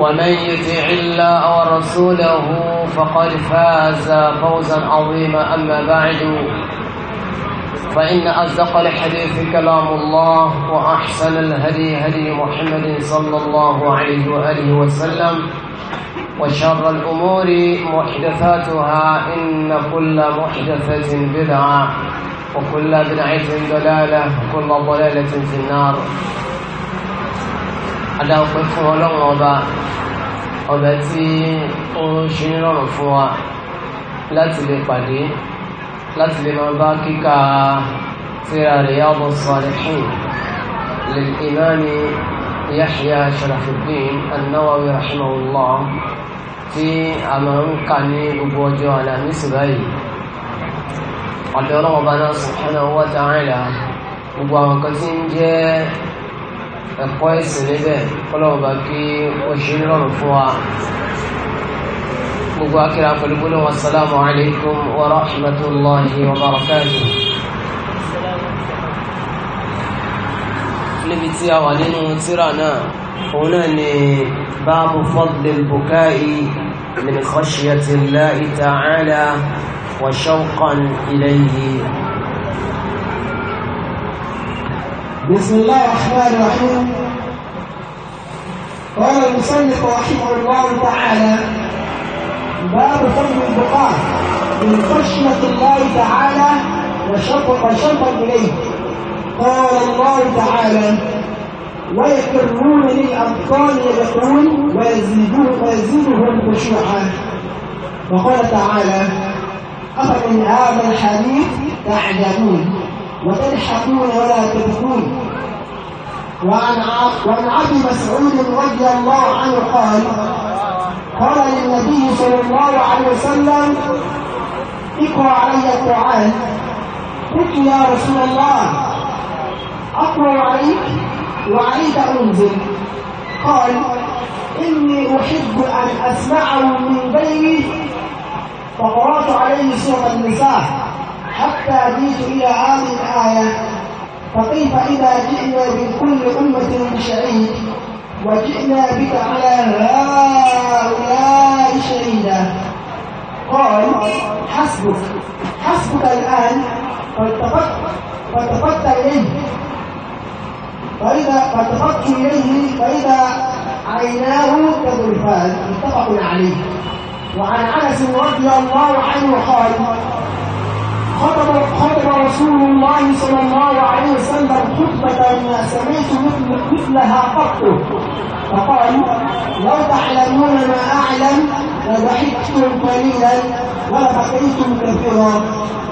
ومن يطع الله ورسوله فقد فاز فوزا عظيما اما بعد فان اصدق الحديث كلام الله واحسن الهدي هدي محمد صلى الله عليه واله وسلم وشر الامور محدثاتها ان كل محدثه بدعه وكل بدعه ضلاله وكل ضلاله في النار adáwọ̀pẹ́ fún ọlọ́run ọba ọba tí ó ń ṣe nírọ̀rùn fún wa láti lè pàdé láti lè máa bá kíkà tíra Riyadus Salihin lil Imam Yahya Sharafuddin an-Nawawi rahimahullah tí a máa ń kà ní gbogbo ọjọ́ Àlàmísì báyìí ọ̀dọ́ ọlọ́run ọba náà subhanahu wa ta'ala gbogbo àwọn kan tí ń jẹ́ ẹ̀kọ́ ẹ̀sìn níbẹ̀ kọ́lọ́wọ́ bá kí ó ṣe ń rọrùn fún wa gbogbo akíra pẹ̀lú gbólóhùn wasalaamu alaykum wa rahmatulahi wa barakatuh. níbi tí a wà nínú tírà náà òun náà ni báàbù fadli bukai min khashiyati llahi ta'ala wa shawqan ilayhi. بسم الله الرحمن الرحيم قال المصنف رحمه الله تعالى باب فضل البقاء من خشية الله تعالى وشوق وشوق إليه قال الله تعالى ويكرون للأبطال يبقون ويزيدون ويزيدهم خشوعا وقال تعالى أفمن هذا الحديث تعجبون وتلحقون ولا تبقون وعن وعن ابي مسعود رضي الله عنه قال قال للنبي صلى الله عليه وسلم اقرا علي القران قلت يا رسول الله اقرا عليك وعليك انزل قال اني احب ان اسمعه من بيني فقرات عليه سوره النساء حتى جئت إلى عام الآية فكيف إذا جئنا من كل أمة بشهيد وجئنا بك على هؤلاء شهيدا قال حسبك حسبك الآن فالتفت فالتفت إليه فإذا فالتفت إليه فإذا عيناه كذلفان متفق عليه وعن انس رضي الله عنه قال خطب خطب رسول الله صلى الله عليه وسلم خطبة سمعت مثلها قط فقال لو تعلمون ما أعلم لضحكتم قليلا ولبكيتم كثيرا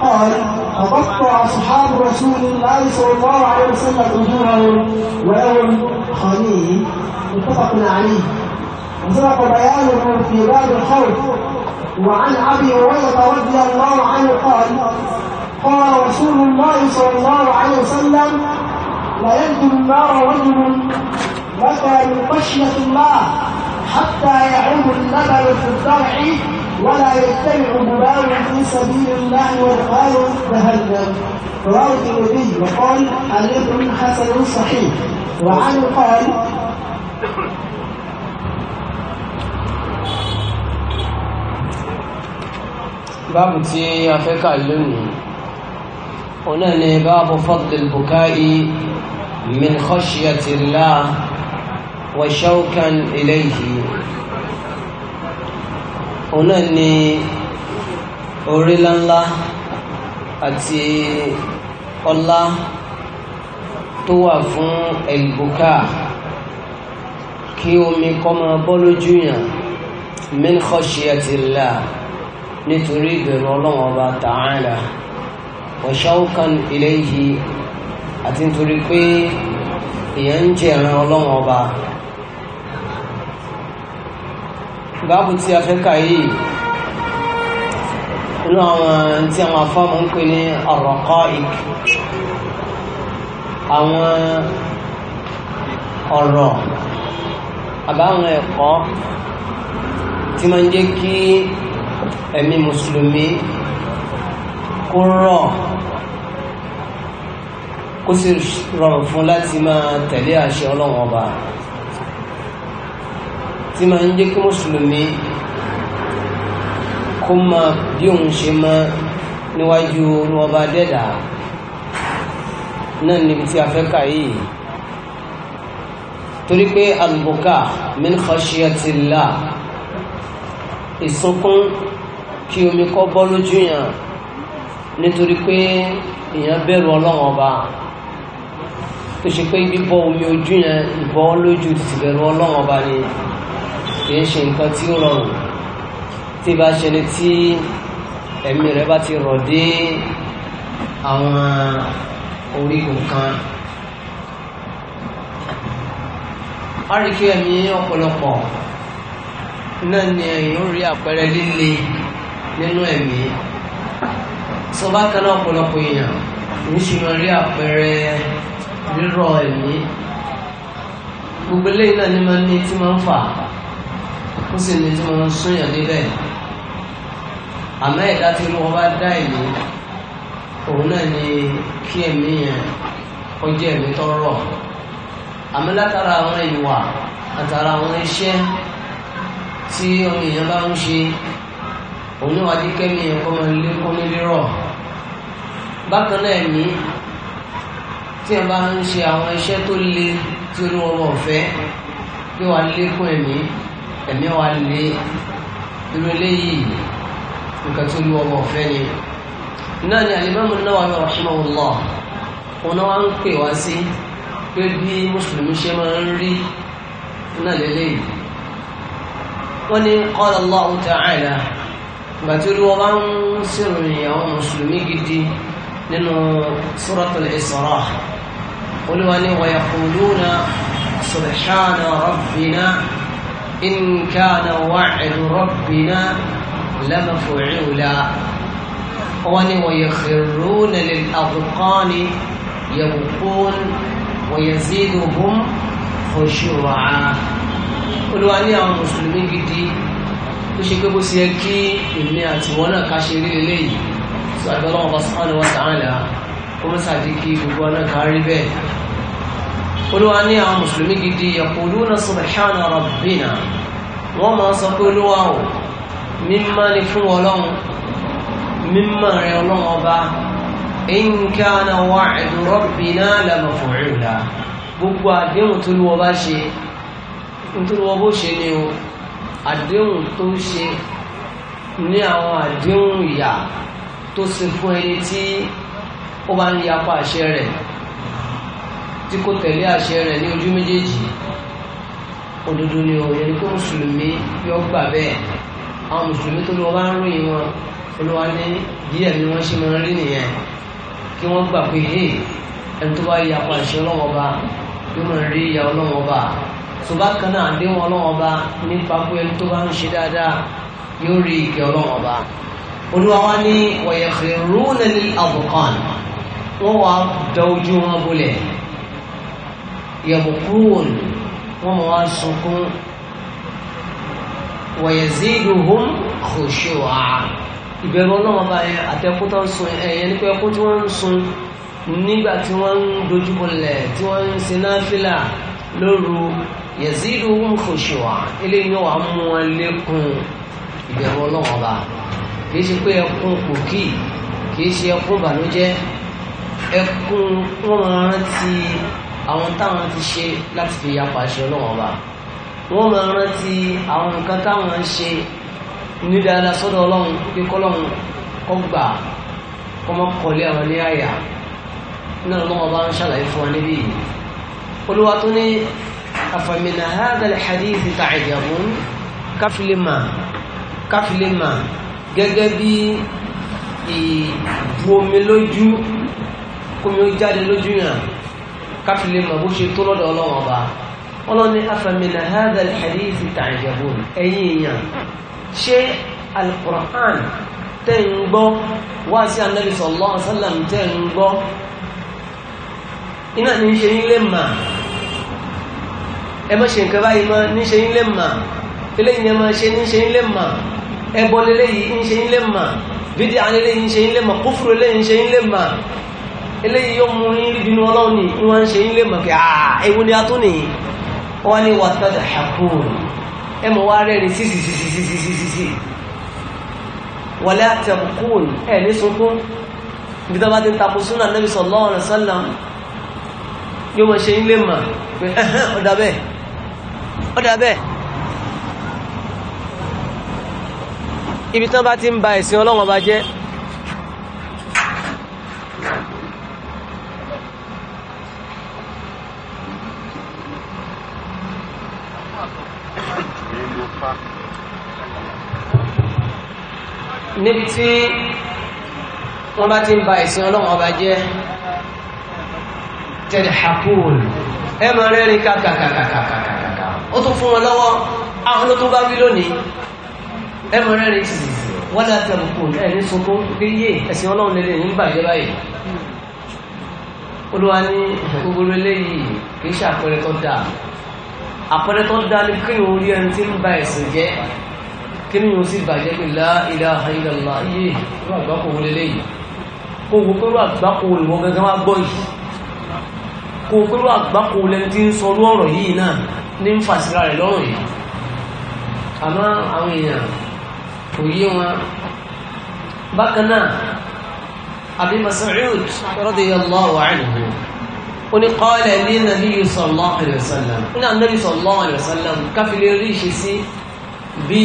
قال فقطع أصحاب رسول الله صلى الله عليه وسلم أجورهم ولهم خليل متفق عليه وسبق بيانه في باب الخوف وعن أبي هريرة رضي الله عنه قال قال رسول الله صلى الله عليه وسلم لا يدخل النار رجل متى من خشية الله حتى يعود اللبن في الضرع ولا يتبع بلاو في سبيل الله والقال جهنم رواه الترمذي وقال حديث حسن صحيح وعنه قال báàbù tí a fẹ́ kà lónìí òun náà ni báàbù fadlil bukai min khashyatillah wa shawkan ilayhi òun náà ni orí ńláńlá àti ọlá tó wà fún ẹ̀lbùká kí omi kọ́ máa bọ́ lójú yàn min khashyatillah. nítorí ìbẹ̀rù ọlọ́run ọba ta'ala wa shawqan ilayhi àti nítorí pé èèyàn ń jẹ ẹ̀ràn ọlọ́run ọba. báàbù tí a fẹ́ kà yìí inú àwọn tí a máa fọ́ọ̀mù ń pè ní ar-raqa'iq àwọn ọ̀rọ̀ àbáwọn ẹ̀kọ́ tí máa ń jẹ́ kí ẹ̀mí mùsùlùmí kó rọ̀ kó sì rọrùn fún láti máa tẹ̀lé àṣẹ ọlọ́run ọba tí máa ń jẹ́ kí mùsùlùmí kó máa bí òun ṣe máa níwájú ọba dẹ́dà náà níbi tí a fẹ́ kà yìí torí pé alùbùkà min khashiyatillah ìsọkún kí omi kọ́ bọ́ lójú yàn nítorí pé èèyàn bẹ̀rù ọlọ́run ọba tó ṣe pé bíbọ́ omi ojú yẹn ìbọ́ lójú ti bẹ̀rù ọlọ́run ọba ni kì í ṣe nǹkan tí ó rọrùn tí bá ṣe ni tí ẹ̀mí rẹ̀ bá ti rọ̀ dé àwọn orígun kan. a rí kí ẹ̀mí ọ̀pọ̀lọpọ̀ náà ni èèyàn rí àpẹẹrẹ líle nínú ẹ̀mí sọba kaná ọ̀pọ̀lọpọ̀ èèyàn ń ṣe máa rí àpẹẹrẹ rírọ̀ ẹ̀mí gbogbo eléyìí náà ni máa ní tí máa ń fà ó sì ní tí máa ń súnyàn níbẹ̀ àmọ́ ẹ̀dá tí wọ́n bá dá ẹ̀mí òun náà ni kí ẹ̀mí yẹn ó jẹ́ ẹ̀mí tó rọ̀ àmọ́ látara àwọn ìwà àtàrà àwọn iṣẹ́ tí ọmọ èèyàn bá ń ṣe òun náà adékẹ́mi ọmọ ilé kọ́mílé rọ̀ bákan náà ní tí ẹ bá ń ṣe àwọn iṣẹ́ tó le tí olúwa ọmọ ọ̀fẹ́ yóò wá lékún ẹ̀mí ẹ̀mí wa lé irú eléyìí nǹkan tí olúwa ọmọ ọ̀fẹ́ ni náà ni alimami Nawawi rahimahullah òun náà wá ń pè wá sí pé bí mùsùlùmí ṣe máa ń rí náà lélẹ́yìí wọ́n ní qala Allahu ta'ala. باتروا وان سرني يوم سمي جدي لأن سورة الإسراء قل واني ويقولون سبحان ربنا إن كان وعد ربنا لمفعولا واني ويخرون للأذقان يبقون ويزيدهم خشوعا قلوا واني يا مسلمين جدي tó ṣe pé bó ṣe yẹ kí èmi àti wọn náà ká ṣe rí eléyìí tó àgbẹ̀ ọlọ́wọ́n bá sọ́kàn ni wọ́n sàn án là kó mọ́ sàdí kí gbogbo náà ká rí bẹ́ẹ̀. olúwa ní àwọn mùsùlùmí gidi yaquluna subhana rabbina wọ́n máa sọ pé olúwa o mímọ́ ni fún ọlọ́run mímọ́ rẹ ọlọ́run ọba in kana wa'du rabbina la maf'ula gbogbo àdéhùn tó lúwọ́ bá ṣe nítorí àdéhùn tó ṣe ní àwọn àdéhùn ìyà tó ṣe fún ẹni tí ó bá ń yapa àṣẹ rẹ̀ tí kò tẹ̀lé àṣẹ rẹ̀ ní ojú méjèèjì òdodo ni ò yẹ kó mùsùlùmí yọ gbà bẹ́ẹ̀ àwọn mùsùlùmí tó lọ bá ń ròyìn wọn olúwa ní díẹ̀ ni wọ́n ṣe máa ń rí nìyẹn kí wọ́n gbà pé ẹni tó bá yapa àṣẹ ọlọ́wọ́ bá yóò máa rí ìyà ọlọ́wọ́ bá ṣùgbọ́n kana náà àdéhùn ọlọ́wọ́n ọba nípa pé ẹni tó bá ń ṣe dáadáa yóò rí ìkẹ́ ọlọ́wọ́n ọba olúwa wá ní wayakhiruna lil adqan wọ́n wá da ojú wọn bolẹ̀ yabqun wọ́n mọ̀ wá sunkún wayaziduhum khushu'a ìbẹ̀rù ọlọ́wọ́n ọba yẹn àtẹ̀kútọ́ ń sun ẹ̀yẹn nípa ẹkú tí wọ́n ń sun nígbà tí wọ́n ń dojúbolẹ̀ tí wọ́n ń ṣe náfìlà lóru yẹ̀sídù ńkòṣùwà eléyìí ni wàá mú wọn lékún ìbẹ̀rù ọlọ́run ọba kì í ṣe pé ẹkún kòkì kì í ṣe ẹkún bànújẹ́ ẹkún wọn máa rántí àwọn táwọn ti ṣe láti fi yapa ṣe ọlọ́run ọba wọn máa rántí àwọn nǹkan táwọn ń ṣe ní dáadáa sọ́dọ̀ ọlọ́run pé kọ́lọ́run gbà kọ́ àwọn ní àyà náà lọ́wọ́ bá ń ṣàlàyé fún wa níbí yìí olúwa tó ní àfàmìnà hádàlẹ̀ hadithi ta'jabun káfílẹ́mà káfílẹ́mà gẹ́gẹ́ bí ìbuomi lójú kómi ó jáde lójú yàn káfílẹ́mà bó ṣe tó lọ́dọ̀ ọlọ́wọ́n ọba ọlọ́ni àfàmìnà hádàlẹ̀ hadithi ta'jabun ẹ̀yìn èèyàn ṣé alukur'an tẹ́ ń gbọ́ wá sí anabi sallallahu alaihi wasallam tẹ́ ń gbọ́ iná ní ṣe nílé màá ẹ mọ́ ṣe nǹkan báyìí mọ́ níṣe yín lè mà eléyìí ẹ mọ́ ṣe níṣe yín lè mà ẹbọ lélẹ́yìí níṣe yín lè mà bídí alẹ́lẹ́yìí níṣe yín lè mà kúfùrù eléyìí níṣe yín lè mà eléyìí yóò mú yín bínú ọlọ́run ní wọ́n ń ṣe yín lè mà kí àà ewu ni a tún nìyí wọ́n ní wà tẹ́tẹ́ ṣàkó ẹ mọ̀ wá rẹ́rìn sísìsìsìsìsìsì wọlé àtẹ̀kùn ẹ̀ ní sunkún bí tó bá ti tapu súnà Nabi sallallahu alaihi wasallam yóò mọ̀ ṣe yín lè mà pé ọ̀dà bẹ́ẹ̀ ó dà bẹ́ẹ̀ ibi tán bá ti ń ba ẹ̀sìn ọlọ́wọ́n bá jẹ́ níbi tí wọ́n bá ti ń ba ìsìn ọlọ́run ọba jẹ́ tẹ̀lẹ̀ hapúùlù ẹmọ rẹ̀ rí kàkàkàkàkàkà ó tún fún wọn lọ́wọ́ àwọn ló tún bá wí lónìí ẹmọ rẹ̀ rí sí wọ́n láti ẹ̀mùkù ẹ̀ní sunkún pé yé ẹ̀sìn ọlọ́run lélẹ̀ ní bàjẹ́ báyìí olúwa ní gbogbo eléyìí kì í ṣàpẹẹrẹ tó dáa àpẹẹrẹ tó dáa ní kí òun rí ẹni tí ń ba ẹ̀sìn jẹ́ kí ni òun sì bàjẹ́ pé la ilaha illallah yé àgbákò wọlé léyìí kó wo pé àgbákò wọlé wọn gẹ́gẹ́ wá gbọ́ yìí kó wo àgbákò wọlé ti ń sọ irú yìí náà ní ń fàṣírà rẹ̀ lọ́rùn yìí àmọ́ àwọn èèyàn kò yé wọn bákan náà Abi Mas'ud radiyallahu anhu ó ní qala li nabiyyi sallallahu alaihi wasallam ní Ànábì sallallahu alaihi wasallam káfílẹ̀ rí ìṣesí bí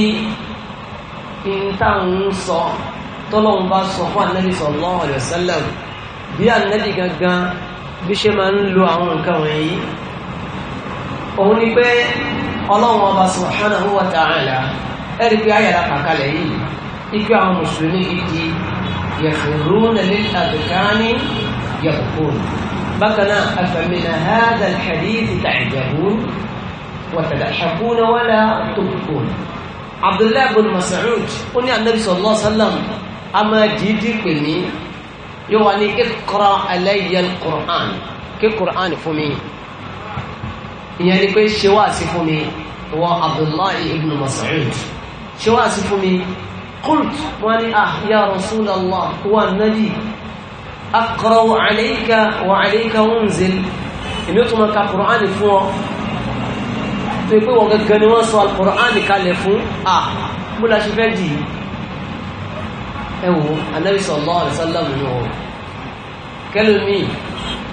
ìntàn ń sọ tọ́lọ́run bá sọ fún ànábì sallallahu alaihi wasallam bí ànábì gangan bí ṣe máa ń lo àwọn nǹkan wọ̀nyí òun ni pé ọlọ́run ọba subhanahu wa ta'ala ẹ̀rí pé ayàrá kàkálẹ̀ yìí ikú àwọn mùsùlùmí gidi yakhruna lil adkani yabkun bákan náà afamina hadha alhadith ta'jabun wa tadhakun wala tubkun abdullahi bin mas'ud ó ní anabi sallallahu alaihi a máa dìídì pè ní yóò wá ní iqra alayya alquran kí quran fún mi ìyẹn ni pé ṣe wá sí fún mi wọ Abdullahi ibn Mas'ud ṣe wá sí fún mi qult wọn ni ah ya Rasulallah wa nabi aqra'u alayka wa alayka unzil èmi ó tún máa ka Qur'an fún ọ tó yẹ wọn gẹ́gẹ́ ni wọ́n sọ al kalẹ̀ fún à ah, bó ṣe fẹ́ dì í ẹ wò Ànábì sallallahu alaihi wasallam nù ọ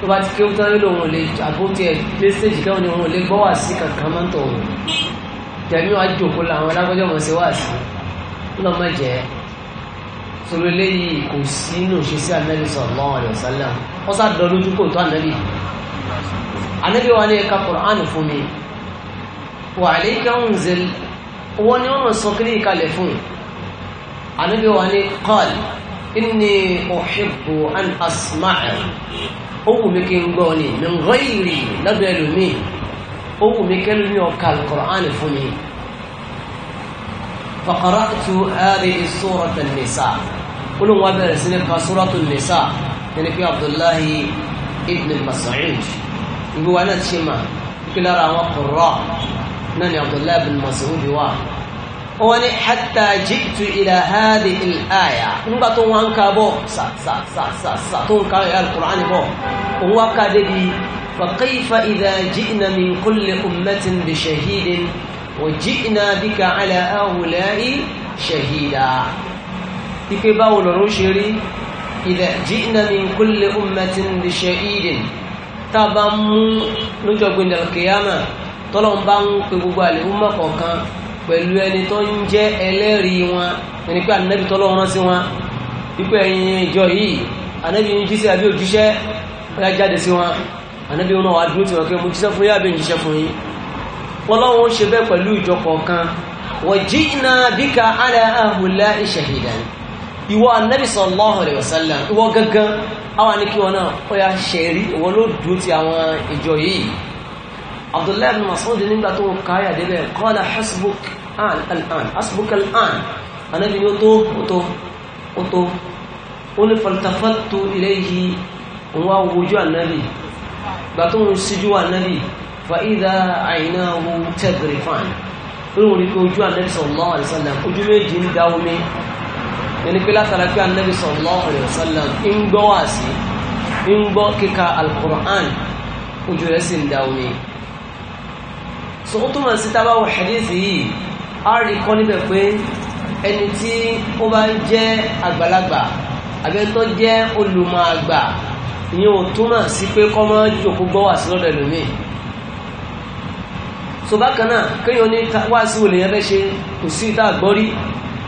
tó bá ti kí ó tán nílò òun lè àbótí ẹ̀ mẹ́sẹ̀jì kẹ́wọ́n ni òun lè gbọ́ wà sí kankan máa ń tọ̀ òun jẹ̀mí wàá jòkó làwọn alágbọ́jọ́ mọ̀ sí wà sí lọ́mọ jẹ́ sọ̀rọ̀ eléyìí kò sí inú òṣìṣẹ́ Ànábì sallallahu alaihi wasallam ó sá dọ̀ lójú kò tó Ànábì Ànábì wa ní ẹ̀ka Kùránì fún mi wà á lè kẹ́hùn zẹ́lì owó ni wọ́n mọ̀ sọ kí ní fún Ànábì wa ní qal inni uhibbu an asma'a ó wù mí kí n gbọ́ ni mi ń gbọ́ ìrì lọ́dọ̀ ẹlòmíì ó wù mí kẹ́lú ní ọ̀ka al-Qur'an fún mi. fa qara'tu hadhihi surata an-nisa olóhùn wa bẹ̀rẹ̀ sí ní ka suratu an-nisa ẹni pé abdullahi ibn mas'ud ìgbéwà náà ti ṣe mà ìpínlẹ̀ ara àwọn qurra abdullahi ibn mas'ud wà wọ́n ní hatta jitu ila hadi ilaya nígbà tó wọ́n ń ka bọ̀ sàsàsàsà tó ń ka alukur'ani bọ̀ òun wá ka dé di fakaifa idha ji'na min kulli ummatin bi shahidin wa ji'na bika ala awula'i shahida ike báwo lọ́rọ̀ ṣe rí idha ji'na min kulli ummatin bi shahidin tá bá mú lójọ́ gbẹ̀dẹ̀ kìyàmà bá ń pe gbogbo àlè pẹ̀lú ẹni tó ń jẹ́ ẹlẹ́rìí wọn ẹni pé ànábì tọ́lọ́ wọn sí wọn wípé ẹ̀yin ìjọ yìí ànábì ń jíṣẹ́ àbí òjíṣẹ́ ọ̀yá jáde sí wọn ànábì wọn wà dúró tí wọn kí mo jíṣẹ́ fún yín àbí òjíṣẹ́ fún yín wọn lọ́wọ́ ń ṣe bẹ́ẹ̀ pẹ̀lú ìjọ kọ̀ọ̀kan wọ́n jí iná bíkà ala ahùlá ìṣẹ̀hìdàn ìwọ ìwọ gangan àwọn àníkí abdullahi bin masoud nígbà tó ń káyà débẹ̀ kọ́lá hasbuk an al'an hasbuk al'an anábi ni ó tó ó tó ó tó ó ní faltafatu ilayhi òun wá wojú ànábì gbà tó ń síjú ànábì fa idha aynahu tadrifan olóhùn ní pé ojú ànábì sallallahu alaihi wasallam ojú méjì ń dá omi ẹni so ó túmọ̀ sí tábà wọ hadith yìí a rí kọ́ níbẹ̀ pé ẹni tí ó bá ń jẹ́ àgbàlagbà àbẹ́tọ́ jẹ́ olùmọ̀ àgbà ìyẹn ò túmọ̀ sí pé kọ́ mọ́ jòkó gbọ́ wà sí lọ́dọ̀ ẹlòmíì so bákan náà kéèyàn ní wá sí wòlé yẹn fẹ́ ṣe kò sí ìta àgbọ́rí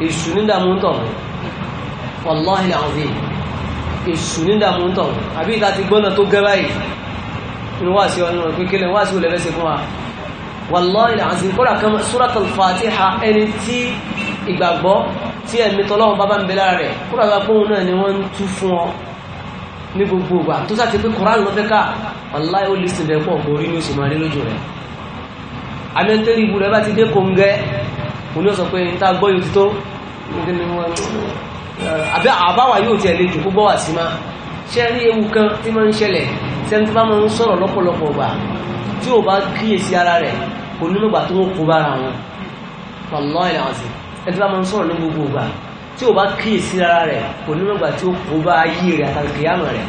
èṣù nídàmú ń tọ̀hún wàláhì àwọn ọ̀dẹ́ èṣù nídàmú ń tọ̀hún àbí ìta ti gbọ́nà tó gẹ́ báyìí ni wá sí ọ̀nà pé kílẹ̀ wá sí wòlé fẹ́ ṣe fún wa wàláhì àzìm kọ́ra kan suratul fatiha ẹni tí ìgbàgbọ́ tí ẹ̀mí tọ́lọ́run bábá ń bẹ lára rẹ̀ kọ́ra bá pọ́n náà ni wọ́n ń tú fún ọ ní gbogbo ìgbà tó sáti pé koran lọ́fẹ́ ká wàláhì ó lè sìnbẹ̀ pọ̀ kò rí ní oṣù máa rí lójú rẹ̀ amẹ́tẹ́rì ibu rẹ̀ bá ti dé kóńgẹ́ òun yóò sọ pé n ta gbọ́ yóò ti tó àbí yóò tiẹ̀ lè jù tí ò bá kíyèsí ara rẹ̀ kò nílùgbà tó ń kó bára wọn pàlọ́ ìlànàsì ẹni bá máa ń sọ̀rọ̀ ní gbogbo ìgbà tí ò bá kíyèsí ara rẹ̀ kò nílùgbà tí ó kó bá ayé rẹ̀ àtàkì àmọ̀ rẹ̀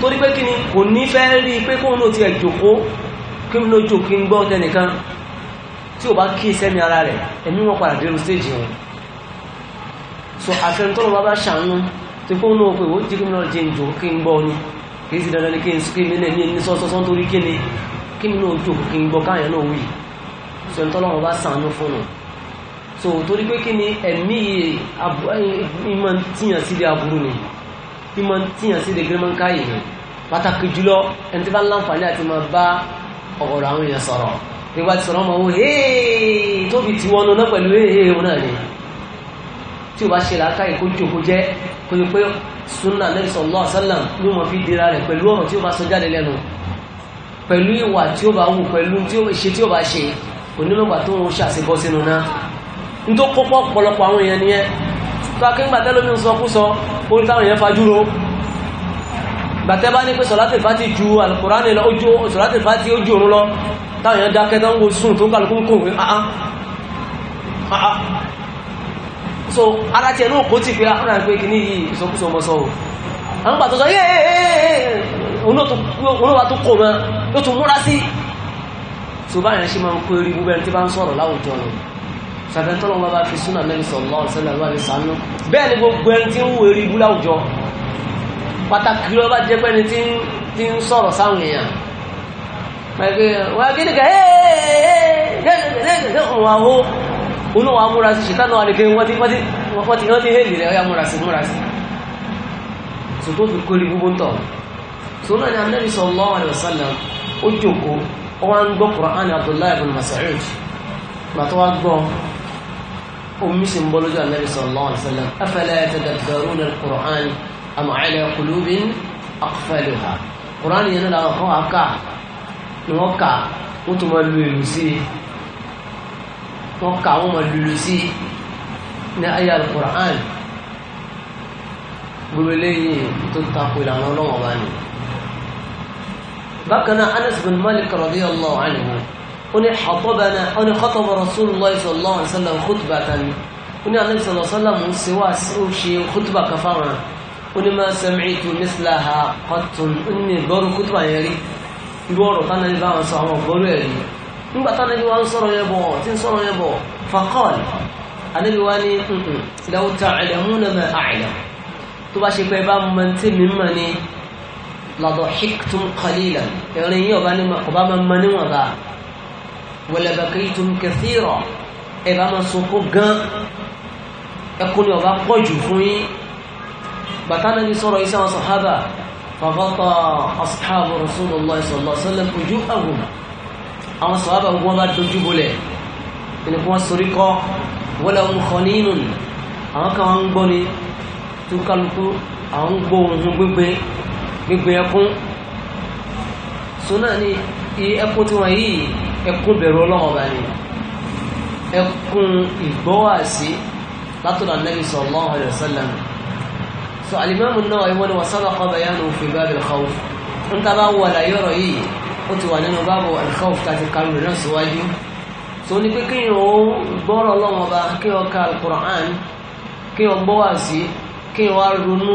torí pé kí ni kò ní fẹ́ rí i pé kóun náà ti ẹ̀ jòkó kí ló jò kí ń gbọ́ tẹnìkan tí ò bá kíyèsí ẹ̀mí ara rẹ̀ ẹ̀mí wọn padà dé stéèjì wọn so àfẹnutọ́nà bá bá ṣàánú tí kóun náà pé ó jí kí ń lọ jẹ́ ìjòkó kí ń gbọ́ ni kìí sí dandan ní kí n sí kí ní ní sọ́sọ́sọ́ torí kí ni kí nínú ojú kí n gbọ́ káyàn náà wì so ẹni tọ́lọ́wọ́n bá sànú fún un so torí pé kí ni ẹ̀mí ìmọ̀ tíyàn sí ilé aburú ni ìmọ̀ tíyàn sí ilé gírímọ̀ǹká yìí ni pàtàkì jùlọ ẹni tí bá ń láǹfààní àti máa bá ọ̀gọ̀rọ̀ àwọn èèyàn sọ̀rọ̀ nígbà tí sọ̀rọ̀ máa wọ hee tóbi tí wọ́n náà pẹ̀lú hee hee wọn náà ni tí o bá ṣe làákàyè kó jòkó jẹ́ kó ní pé sunna nabi sallallahu alaihi wasallam ló mọ̀ fi dira rẹ̀ pẹ̀lú ọ̀rọ̀ tí ó bá sọ jáde lẹ́nu pẹ̀lú ìwà tí ó bá wù pẹ̀lú tí ó ṣe tí ó bá ṣe onímọ̀gbà tó ń ṣàṣebọ́ sínú náà ní tó kọ́kọ́ pọ̀lọpọ̀ àwọn èèyàn nìyẹn tó akíngbà tẹ́lómi ń sọ kú sọ orí táwọn èèyàn fajúro gbàtẹ́ bá ní pé sọ̀látì fàtì ju alukurani lọ ojú sọ̀látì fàtì ojú òun lọ táwọn èèyàn dákẹ́ tó ń wo sùn tó kálukú kò wé so ara tiẹ̀ náà kó tì pé àwọn àgbẹ̀ kìíní yìí ìsọkúsọ ọmọ sọ o àwọn pàtó sọ yéèyéèyé olóòwà tó kò mọ́ ló tún múra sí tó bá yẹn ṣe máa ń kó eré gbogbo ẹni tí bá ń sọ̀rọ̀ láwùjọ rẹ̀ sàbẹ̀ntọ́lọ́ wọn bá fi súnà lẹ́yìn sọ̀rọ̀ ọ̀sẹ̀lẹ̀ wà ní sànú bẹ́ẹ̀ ni gbogbo ẹni tí ń wo eré ibú láwùjọ òun náà wà múra sí ṣètà náà nìkan wọ́n ti wọ́n ti wọ́n ti wọ́n ti hẹ́lì rẹ̀ ọ̀yà múra sí múra sí so tó fi kórè gbogbo ń tọ̀ so náà ni Ànábì sallallahu alaihi wasallam ó jòkó ó wá ń gbọ́ Qur'an Abdullahi ibn Mas'ud gbàtọ́ wá gbọ́ omi sì ń bọ́ lójú Ànábì wọ́n ka àwọn ọmọ lulu sí ní ayé alukur'an gbogbo eléyìí tó ń takò ìlànà ọlọ́wọ́n bá ní. bákan náà anas bin malik radiyallahu anhu ó ní xatọ́bana ó ní xatọ́ba rasulillah sallallahu alayhi wa sallam khutbatan ó ní alayhi sallallahu alayhi wa sallam ń ṣe wá ó ṣe khutba kafaran ó ní máa sami'tu mislaha qattun ó ní gbọ́rù khutba yẹn rí irú ọ̀rọ̀ tánà ní báwọn sọ àwọn gbọ́rù ẹ̀rí nígbà tí anabi wa ń sọ̀rọ̀ yẹn bọ̀ tí ń sọ̀rọ̀ yẹn bọ̀ faqal anabi wa ní law ta'lamuna ma a'lam tó bá ṣe pé bá mọ tí mi mọ̀ ni la dahiktum qalilan ẹ̀rín yìí ọba ọba máa mọ níwọ̀n bá wala bakaytum kathira ẹ̀ bá máa sunkún gan ẹkún ni ọba pọ̀ jù fún yín bàtà náà ní sọ̀rọ̀ iṣẹ́ wọn sahaba faghata ashabu rasulillah sallallahu alaihi wasallam wujuhahum àwọn sọ̀rọ̀ gbogbo bá dojú bolẹ̀ ẹni kí wọ́n sorí kọ́ wọlé ohun kan nínú àwọn kan wọn ń gbọ́ ni tó kálukú àwọn ń gbọ́ ohun gbígbé gbígbé ẹkún sọ́nà ni ẹkún tí wọ́n yìí ẹkún bẹ̀rù ọlọ́wọ́ bá ní ẹkún ìgbọ́wàsí látọ̀dọ̀ Nabi sallallahu alaihi wasallam so Al-Imam An-Nawawi wọn ni wọ́n sábà kọ́ bayanu fi bab al-khawf ń tàbá wọ̀ láyọ̀rọ̀ yìí ó ti wà nínú báàbò al-khawf tàbí kálùrì náà síwájú tó ní pé kí o gbọ́rọ̀ Ọlọ́run Ọba kí o ka al-Qur'an kí o gbọ́ wá sí kí o wá ronú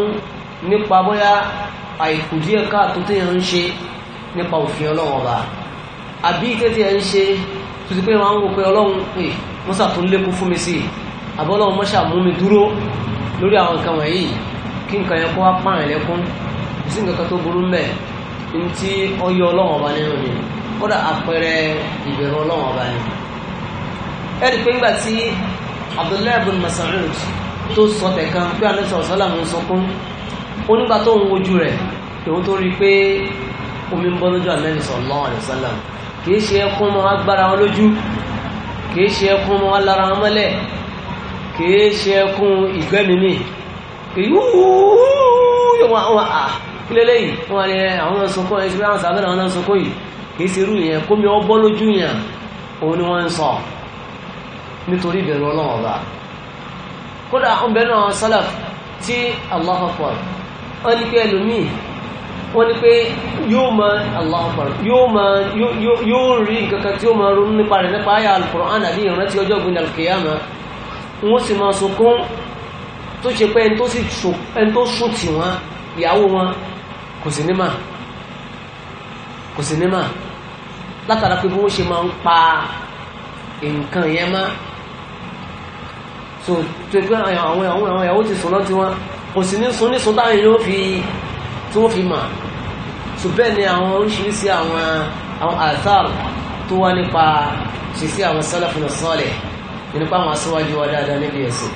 nípa bóyá àìkú díẹ̀ káàtó tó yẹn ń ṣe nípa òfin Ọlọ́run Ọba àbí tètè ẹ̀ ń ṣe tuntun pé wọ́n ń wò pé Ọlọ́run pè mọ́sà tó lékún fún mi sí àbọ́ Ọlọ́run mọ́sà mú mi dúró lórí àwọn nǹkan wọ̀nyí kí nǹkan yẹn kó wá pààyàn lẹ́kún kò sí nǹkan tó burú mẹ́ẹ̀ ntí ọyọ ọlọ́wọ́n ọba nínú ni kódà àpẹẹrẹ ìbẹ̀rù ọlọ́wọ́n ọba ni. ẹ rí i pé ńgbà tí Abdullahi ibn Mas'ud tó sọ tẹ̀kan pé anisa ọ̀sálàmù ń sọkún onígbà tó ń wojú rẹ̀ lòun tó rí i pé omi ń bọ́ lójú Ànábì sallallahu alaihi wasallam ṣe ẹkún mọ́ agbára wọn lójú kì ṣe ẹkún mọ́ alára wọn mọ́lẹ̀ kì ṣe ẹkún ìgbẹ́mímì kì í wúúú yóò wá wá à kílé lẹ́yìn wọ́n wá ní eh, àwọn náà sunkún ẹ̀ ṣùgbọ́n àwọn sàbẹ̀rẹ̀ àwọn náà sunkún yìí kì í ṣe irú yẹn kómi ọ bọ́ lójú yẹn òun ni wọ́n ń sọ nítorí ìbẹ̀rù ọlọ́wọ́n ọba kódà ọ̀bẹ náà sálàf tí Allahu Akbar wọ́n ní pé ẹlòmíì wọ́n ní pé yóò mọ Allahu Akbar yóò mọ yóò rí nǹkan tí ó mọ ronú nípa rẹ̀ nípa ayé al-Qur'an àbí ìrántí ọjọ́ ògbìn al-Qiyamah wọ́n sì máa sunkún tó ṣe pé ẹni tó sùn tì wọ́n ìyàwó wọn kò sí ní mà kò sí ní mà látara pé bí wọ́n ṣe máa ń pa nǹkan yẹn má so tó pé àwọn àwọn àwọn ìyàwó ti sùn náà tiwọn kò sí ní sun ní sun táwọn yóò fi tí wọ́n fi mà so bẹ́ẹ̀ ni àwọn oríṣiríṣi àwọn àwọn àtàr tó wá nípa ṣiṣẹ́ àwọn sálàfin sọ́ọ̀lẹ̀ nípa àwọn aṣáájú wa dáadáa níbi ẹ̀sìn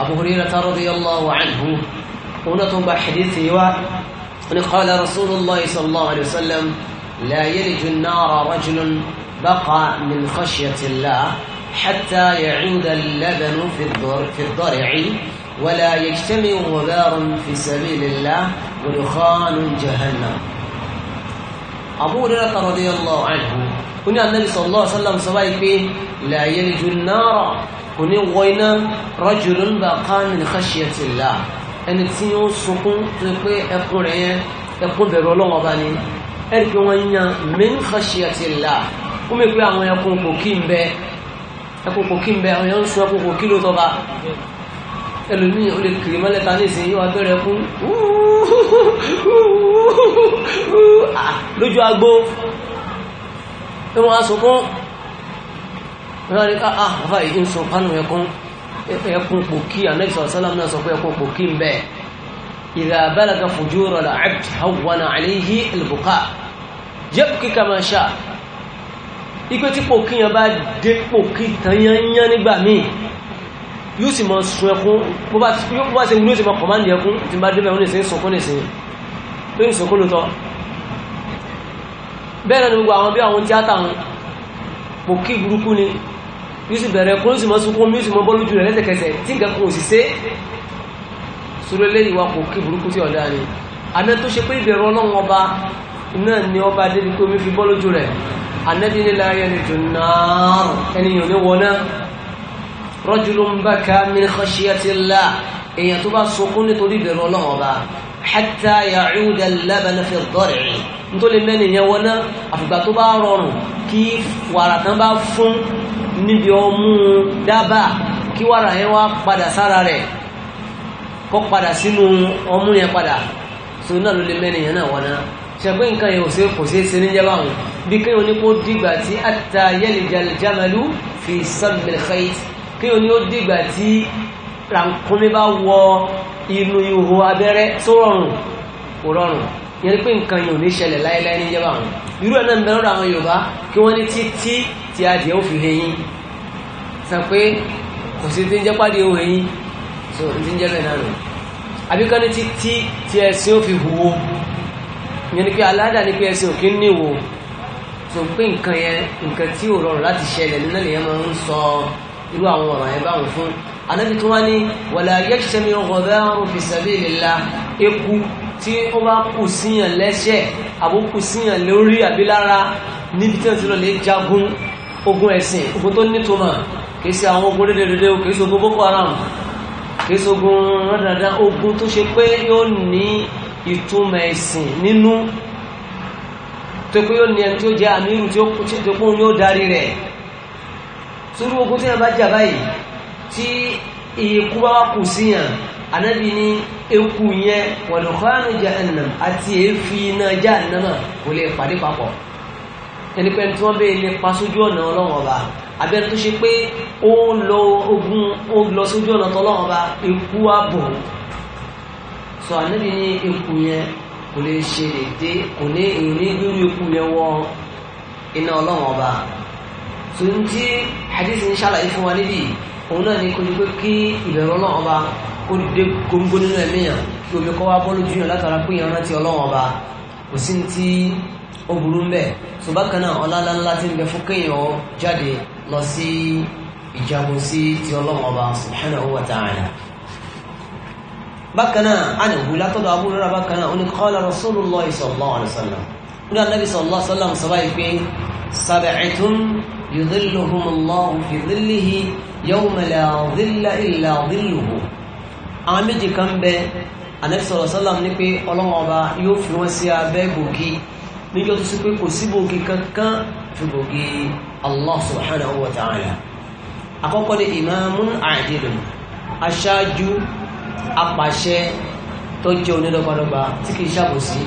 Abu Hurairah radiyallahu anhu òun náà tó ń gba hadithi wa قال رسول الله صلى الله عليه وسلم لا يلج النار رجل بقى من خشية الله حتى يعود اللبن في الضرع, ولا يجتمع غبار في سبيل الله ودخان جهنم أبو هريرة رضي الله عنه هنا النبي صلى الله عليه وسلم سبايك لا يلج النار هنا وين رجل بقى من خشية الله ẹni tí ó sunkún tó ṣe pé ẹkún rẹ̀ yẹn ẹkún bẹ̀rù ọlọ́run ọba ni ẹni pé wọ́n yan min khashiyatillah ó mi pé àwọn ẹkún kò kí ń bẹ ẹkún kò kí ń bẹ àwọn èèyàn ń sun ẹkún kò kí ló tọ́ba ẹlòmíì ó lè kiri mọ́lẹ́ta nísìnyí yóò abẹ́rẹ́ ẹkún lójú agbó ẹ wọ́n á sunkún wọ́n á ní ká ah, àfà yìí ń sun pánù ẹkún ẹkùn pòkí anabi sọ̀rọ̀ sálàm náà sọ pé ẹkùn pòkí ń bẹ́ẹ̀ idha balaga fujura al-abd hawwana alayhi al-buqa yabki kama sha ipe tí pòkí yẹn bá dé pòkí tán yányán nígbà míì yóò sì mọ sun ẹkún bó bá ṣe wúlò sí mọ kọmáǹdì ẹkún tí bá dé mẹ́rin nísìnyí sọkún nísìnyí tó ní sọkún lótọ́ bẹ́ẹ̀ náà ni gbogbo àwọn bí àwọn tíátà ń pòkí burúkú ni yóò sì bẹ̀rẹ̀ kó sì mọ́ sunkún mi yóò sì mọ́ bọ́ lójú rẹ̀ lẹ́sẹ̀kẹsẹ̀ tí nǹkan kan ò sì ṣe sórí eléyìí wa kò kí burúkú tí ọ̀dà ni àmì tó ṣe pé ìbẹ̀rù ọlọ́run ọba náà ni ọba débi pé omi fi bọ́ lójú rẹ̀ ànábi nílẹ̀ ayé ni jù náà ẹnìyàn ní wọná rajulun baka min khashiyatillah èèyàn tó bá sunkún nítorí ìbẹ̀rù ọlọ́run ọba hatta ya'uda al-laban fi ad-dar'i nítorí mẹ́nìyàn wọná àfìgbà tó bá rọrùn kí wàrà tán bá níbi ọmú dábàá kí wàrà yẹn wá padà sára rẹ̀ kọ́ padà sínú ọmú yẹn padà so náà ló lè mẹ́rin yẹn náà wọ́n náà ṣẹ̀gbẹ́ nǹkan yẹn ò sí kò sí ṣe ní jẹ́ bí kéwọn ní kó dìgbà tí àtà yẹ́lìjàlì jámalú fi sọ́ọ̀mì khayt kéwọn ní ó dìgbà tí rànkúnmí bá wọ inú ihò abẹ́rẹ́ tó rọrùn kò rọrùn yẹn pé nǹkan yẹn ò ní ṣẹlẹ̀ láéláé ní jẹ́ báwọn irú ẹ̀ náà ń bẹ lọ́dọ̀ àwọn Yorùbá kí wọ́n ní títí tí adìẹ ó fi hẹyìn sàn pé kò sí tí ń jẹ́ pàdé ó hẹyìn so tí ń jẹ́ bẹ́ẹ̀ náà nù àbíkọ́ni tí tí tí ẹ̀sìn ó fi wúwo ìyẹn ni pé aládàá ni pé ẹ̀sìn ò kí ń níwò so pé nǹkan yẹn nǹkan tí ò rọrùn láti ṣẹlẹ̀ nínú ẹ̀yẹn máa ń sọ irú àwọn ọ̀rọ̀ yẹn báwọn fún anábì tó wá ní wàlá yẹ́kṣẹ́mi ọgọ́dá fi sabilillah eku tí ó bá kù síyàn lẹ́ṣẹ̀ àbókù síyàn lórí àbí níbi tí wọ́n ti lọ lè jagun ogun ẹ̀sìn ogun tó nítumọ̀ kìí ṣe àwọn ogun dédédédé o kìí ṣe ogun boko haram kìí ṣe ogun rádàdà ogun tó ṣe pé yóò ní ìtumọ̀ ẹ̀sìn nínú tó pé yóò ní ẹni tí ó jẹ́ àmírù tí ó kún ní ó darí rẹ̀ sórí ogun tí yẹn bá jà báyìí tí ikú bá wá kù síyàn ànábì ní eku yẹn wọ̀dùnkọ́ àrùn jahannam àti èéfì iná jahannama kò lè pàdé papọ̀ ẹni pẹ́ni tí wọ́n bẹ́ẹ̀ lè pa sójú ọ̀nà ọlọ́wọ́n ọba abẹ́ni tó ṣe pé ó ń lọ ogun ó ń lọ sójú ọ̀nà tọ́lọ́wọ́n ọba eku ààbò sọ ànábì ní eku yẹn kò lè ṣe dédé kò ní èyí ní lórí eku yẹn wọ iná ọlọ́wọ́n ọba tó ń tí hadith ń ṣàlàyé fún wa níbí òun náà ní kò ní pé kí ìbẹ̀rù ọlọ́wọ́n ọba kó dé góńgó nínú ẹ̀mí yàn kí omi kọ́ wá bọ́ lójú yàn látara pé yàn ó burú mbẹ ṣùgbọ́n kan náà ọlálálá ti ń bẹ fún kéèyàn jáde lọ sí ìjagun sí ti ọlọ́run ọba subhanahu wa ta'ala bákan náà àná ìwúlá tọ́dọ̀ Abu Hurairah bákan náà ó ní qala rasulullah sallallahu alaihi wasallam ó ní anábì sallallahu alaihi wasallam sọ́bà yìí pé sab'atun yudhilluhumullahu fi dhillihi yawma la dhilla illa dhilluhu àwọn méjì kan bẹ anábì sallallahu alaihi ní pé ọlọ́run yóò fi wọ́n sí abẹ́ gbòógì níjọ́ tó sí pé kò sí bògì kankan ju bògì Allah subhanahu wa ta'ala àkọ́kọ́ ni imamun adilun aṣáájú apàṣẹ tó jẹ́ onídọ́gbàdọ́gba tí kìí ṣàbòsí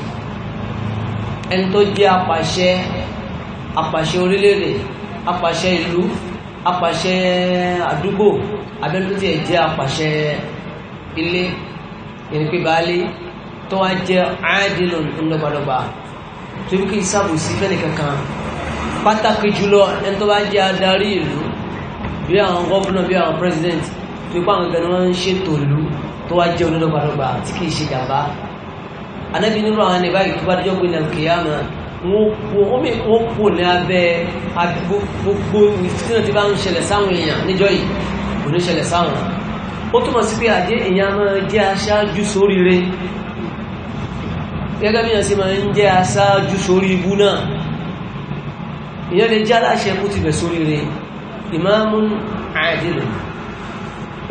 ẹni tó jẹ́ apàṣẹ apàṣẹ orílẹ̀-èdè apàṣẹ ìlú apàṣẹ àdúgbò abẹ́lútí ẹ̀ jẹ́ apàṣẹ ilé ìrìnpé baálé tó wá jẹ́ àádìlùn ńlọ́gbàdọ́gba torí kí ìsàbòsí fẹ́ni kankan pàtàkì jùlọ ẹni tó bá jẹ́ adarí ìlú bí àwọn gọ́ọ̀nà bí àwọn president tó ipá àwọn ìgbẹ̀ni wọ́n ń ṣètò ìlú tó wá jẹ́ onídọ́gbàdọ́gbà tí kìí ṣe jàmbá anábì nínú àwọn ẹni báyìí tó bá dẹjọ́ pé nàìjíríà kìyàmà wọ́n kú ní abẹ́ gbogbo ìfìsínà tí bá ń ṣẹlẹ̀ sáwọn èèyàn níjọ́ yìí kò ní ṣẹlẹ̀ sáwọn ó túmọ̀ sí pé àjẹ́ èèyàn máa jẹ́ gẹ́gẹ́ bí yàn sí ma ń jẹ́ aṣáájú sórí ibú náà ìyẹn lè jẹ́ aláṣẹ kú ti bẹ̀ sórí rẹ̀ ìmáàmù àdìlù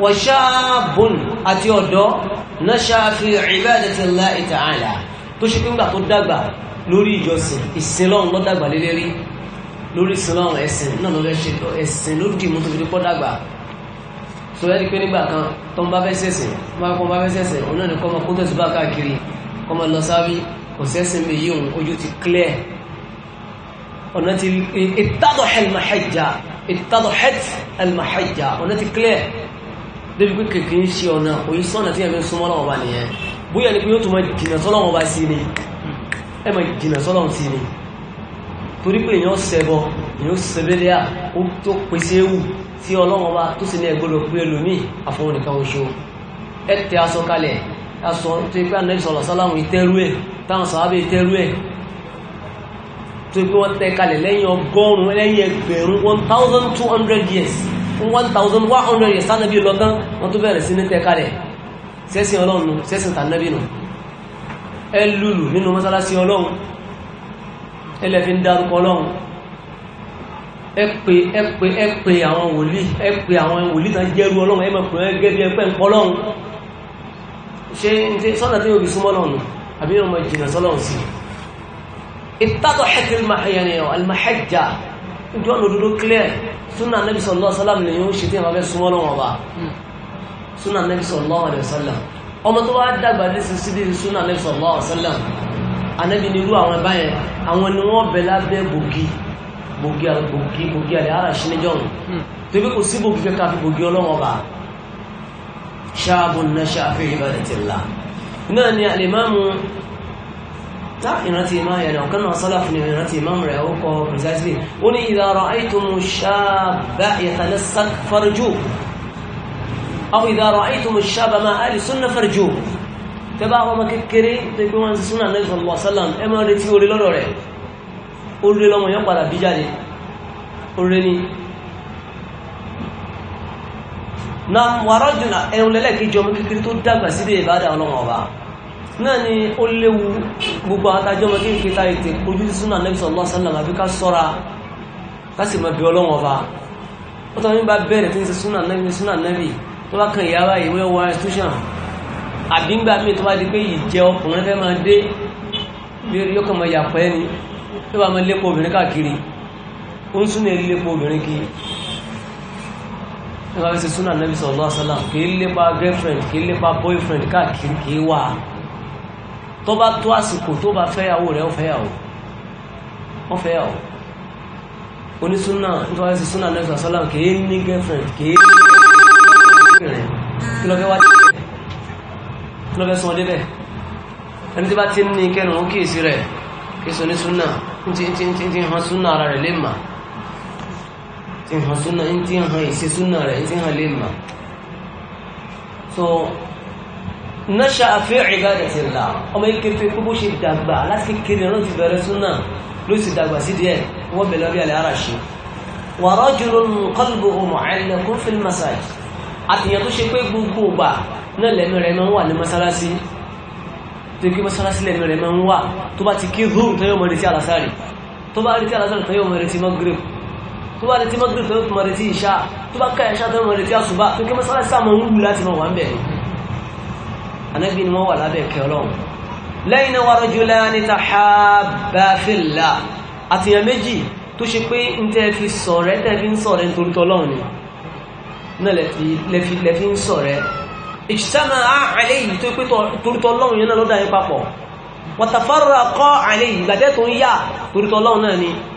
wọ̀ṣáàbùn àti ọ̀dọ́ náà ṣáàfi ibadatillahi ta'ala tó ṣe pínpà tó dàgbà lórí ìjọsìn ìsinlọ́run ló dàgbà lé lérí lórí ìsinlọ́run ẹ̀sìn náà ló fẹ́ ṣe ẹ̀sìn ló dì mú tó fi dé pọ́ dàgbà tó yẹ pé nígbà tó ń bá fẹ́ sẹ̀sìn tó ń bá káàkiri ọmọ lọ sáwí kò sẹ́sìn mi yíò ojú ti clear ọ̀nà ti ìtàdọ̀ ẹlmàhẹ́jà ìtàdọ̀ het ẹlmàhẹ́jà ọ̀nà ti clear débi pé kèkè ń ṣe ọ̀nà òyí sọ́nà tí ẹ̀mí súnmọ́ lọ́wọ́ bá nìyẹn bóyá ni pé yóò tún máa jìnà sọ́lọ́wọ́ bá sí ni ẹ máa jìnà sọ́lọ́wọ́ sí ni torí pé èèyàn ṣẹbọ èèyàn ṣẹbẹ́lẹ́à ó tó pèsè ewu tí ọlọ́wọ́ bá tó sì ní ẹgbọ́dọ̀ pé ẹlòmíì àfọwọ́nìkan oṣù ẹ tẹ aṣọ kalẹ̀ aṣọ tó pé ànẹ́bí sọ̀rọ̀ sálámù ìtẹ́rú ẹ̀ táwọn sàábẹ̀ ìtẹ́rú ẹ̀ tó pé wọ́n tẹ́ kalẹ̀ lẹ́yìn ọgọ́rùn-ún lẹ́yìn ẹgbẹ̀rún one thousand two hundred years one thousand one hundred years sánàbí lọ́tán wọ́n tó bẹ̀rẹ̀ sí ní tẹ́ kalẹ̀ sẹ́sìn ọlọ́run nù sẹ́sìn tànàbí nù ẹ lùlù nínú mọ́sálásí ọlọ́run ẹ lẹ́fi ń dárúkọ ọlọ́run ẹ pè ẹ pè ẹ pè àwọn wòlíì ẹ pè àwọn wòlíì tán jẹ́rú ọlọ́run ẹ mọ̀ pé ẹ gẹ́gẹ́ ẹ pẹ́ ń pọ́ ọlọ́run ṣe ṣe sọ́nà tí òbí súnmọ́ lọ́nà àbí ọmọ ìjìnà sọ́lọ́n sí ìtàkọ̀ hẹ́kìrì mahayaniyan almahajja ìjọ ọ̀nà òdodo clear súnà nabi sallallahu alaihi wasallam ni yóò ṣe tí ìmọ̀fẹ́ súnmọ́ lọ́wọ́ bá hmm. súnà nabi sallallahu alaihi wasallam ọmọ tó wá dàgbà ní sí sídìí súnà nabi sallallahu alaihi wasallam anabi ni irú àwọn báyẹn àwọn ni wọ́n bẹ̀ lábẹ́ bògì bògì bògì bògì àlẹ́ bí kò sí bògì kẹ́kẹ́ àfi ọlọ́wọ́ bá ṣáàbùn na ṣáàfí ìbádẹ̀tìlá náà ni alìmáàmù tá ìrántí máa yẹ̀rẹ̀ ọ̀kan náà sọ́láfù ni ìrántí máàmù rẹ̀ ó kọ precisely ó ní idha ra'aytumu ṣáàbà yatanassak farjú aw idha ra'aytumu ṣáàbà máa ahli sunna farjú tẹ́ bá ọmọ kékeré tó gbé wọn sí súnà náà sallallahu alaihi wasallam ẹ máa retí orí lọ́dọ̀ rẹ̀ orí lọ́mọ yẹn padà bí jáde orí ni na wàrà jùlọ ẹ̀rùn lẹ́lẹ́kejì ọmọ kékeré tó dàgbà síbi ìbádà ọlọ́run náà ni ó léwu gbogbo àtàjọ ọmọ kékeré ta ètè ojú tí súnà nẹ́bí sallallahu alaihi wasallam àbí ká sọ́ra ká sì máa bí ọlọ́run ọba ó tọ́ nípa bẹ́ẹ̀rẹ̀ tí ń ṣe súnà nẹ́bí súnà nẹ́bí tó bá kan ìyára ìwé ọwọ́ institution àbí ńgbà míì tó bá di pé ìjẹ ọkùnrin fẹ́ máa dé yóò kàn máa yàpẹ́ ni yóò bá máa lépo obìnrin káàkiri ó ń súnà lépo obìnrin kiri nípa bí ṣe súnà nẹ́bí sallallahu alaihi wasallam kì í lépa girlfriend kì í lépa boyfriend káàkiri kì í wà tó bá tó àsìkò tó bá fẹ́yàwó rẹ̀ ó fẹ́yàwó ó fẹ́yàwó onísúnà nípa bí ṣe súnà nẹ́bí sallallahu alaihi wasallam kì í ní girlfriend kì í kí lọ́kẹ́ wá kí lọ́kẹ́ sún ọdẹ bẹ́ẹ̀ ẹni tí bá ti ní kẹrin òun kìí sí rẹ̀ kí sọ ní súnà ń ti ń ti ń ti hàn súnà ara rẹ̀ lè máa ti hàn súnà ń ti hàn ìṣe súnà rẹ̀ ń ti hàn lè mà so náṣà àfẹ́ ìbádàtìlá ọmọ ìkẹfẹ́ pé bó ṣe dàgbà láti kékeré ló ti bẹ̀rẹ̀ súnà ló sì dàgbà sí díẹ̀ wọ́n bẹ̀rẹ̀ lórí àlẹ́ àràṣe wa rajulun qalbuhu mu'allaqun fil masajid àtìyàn tó ṣe pé gbogbo ìgbà náà lẹ́nu rẹ̀ máa ń wà ní mọ́sálásí tó kí mọ́sálásí lẹ́nu rẹ̀ máa ń wà tó bá ti kí zuhur tó yóò mọ̀ retí alásàrì tó bá retí alásàrì tó yóò mọ̀ retí magrib tó bá retí mọ́gírì tó mọ̀ retí ìṣá tó bá ká ìṣá tó mọ̀ retí àṣùbá tó kí mọ́sálásí sáàmọ̀ ń wù láti mọ̀ wà ń bẹ̀ ni anábì ni wọ́n wà lábẹ́ ẹ̀kẹ́ ọlọ́run lẹ́yìn náà wà rajulani tahabba fillah àtìyàn méjì tó ṣe pé ń tẹ́ fi sọ̀rẹ́ tẹ́ fi ń sọ̀rẹ́ nítorí tọ́lọ́run ni náà lẹ́ fi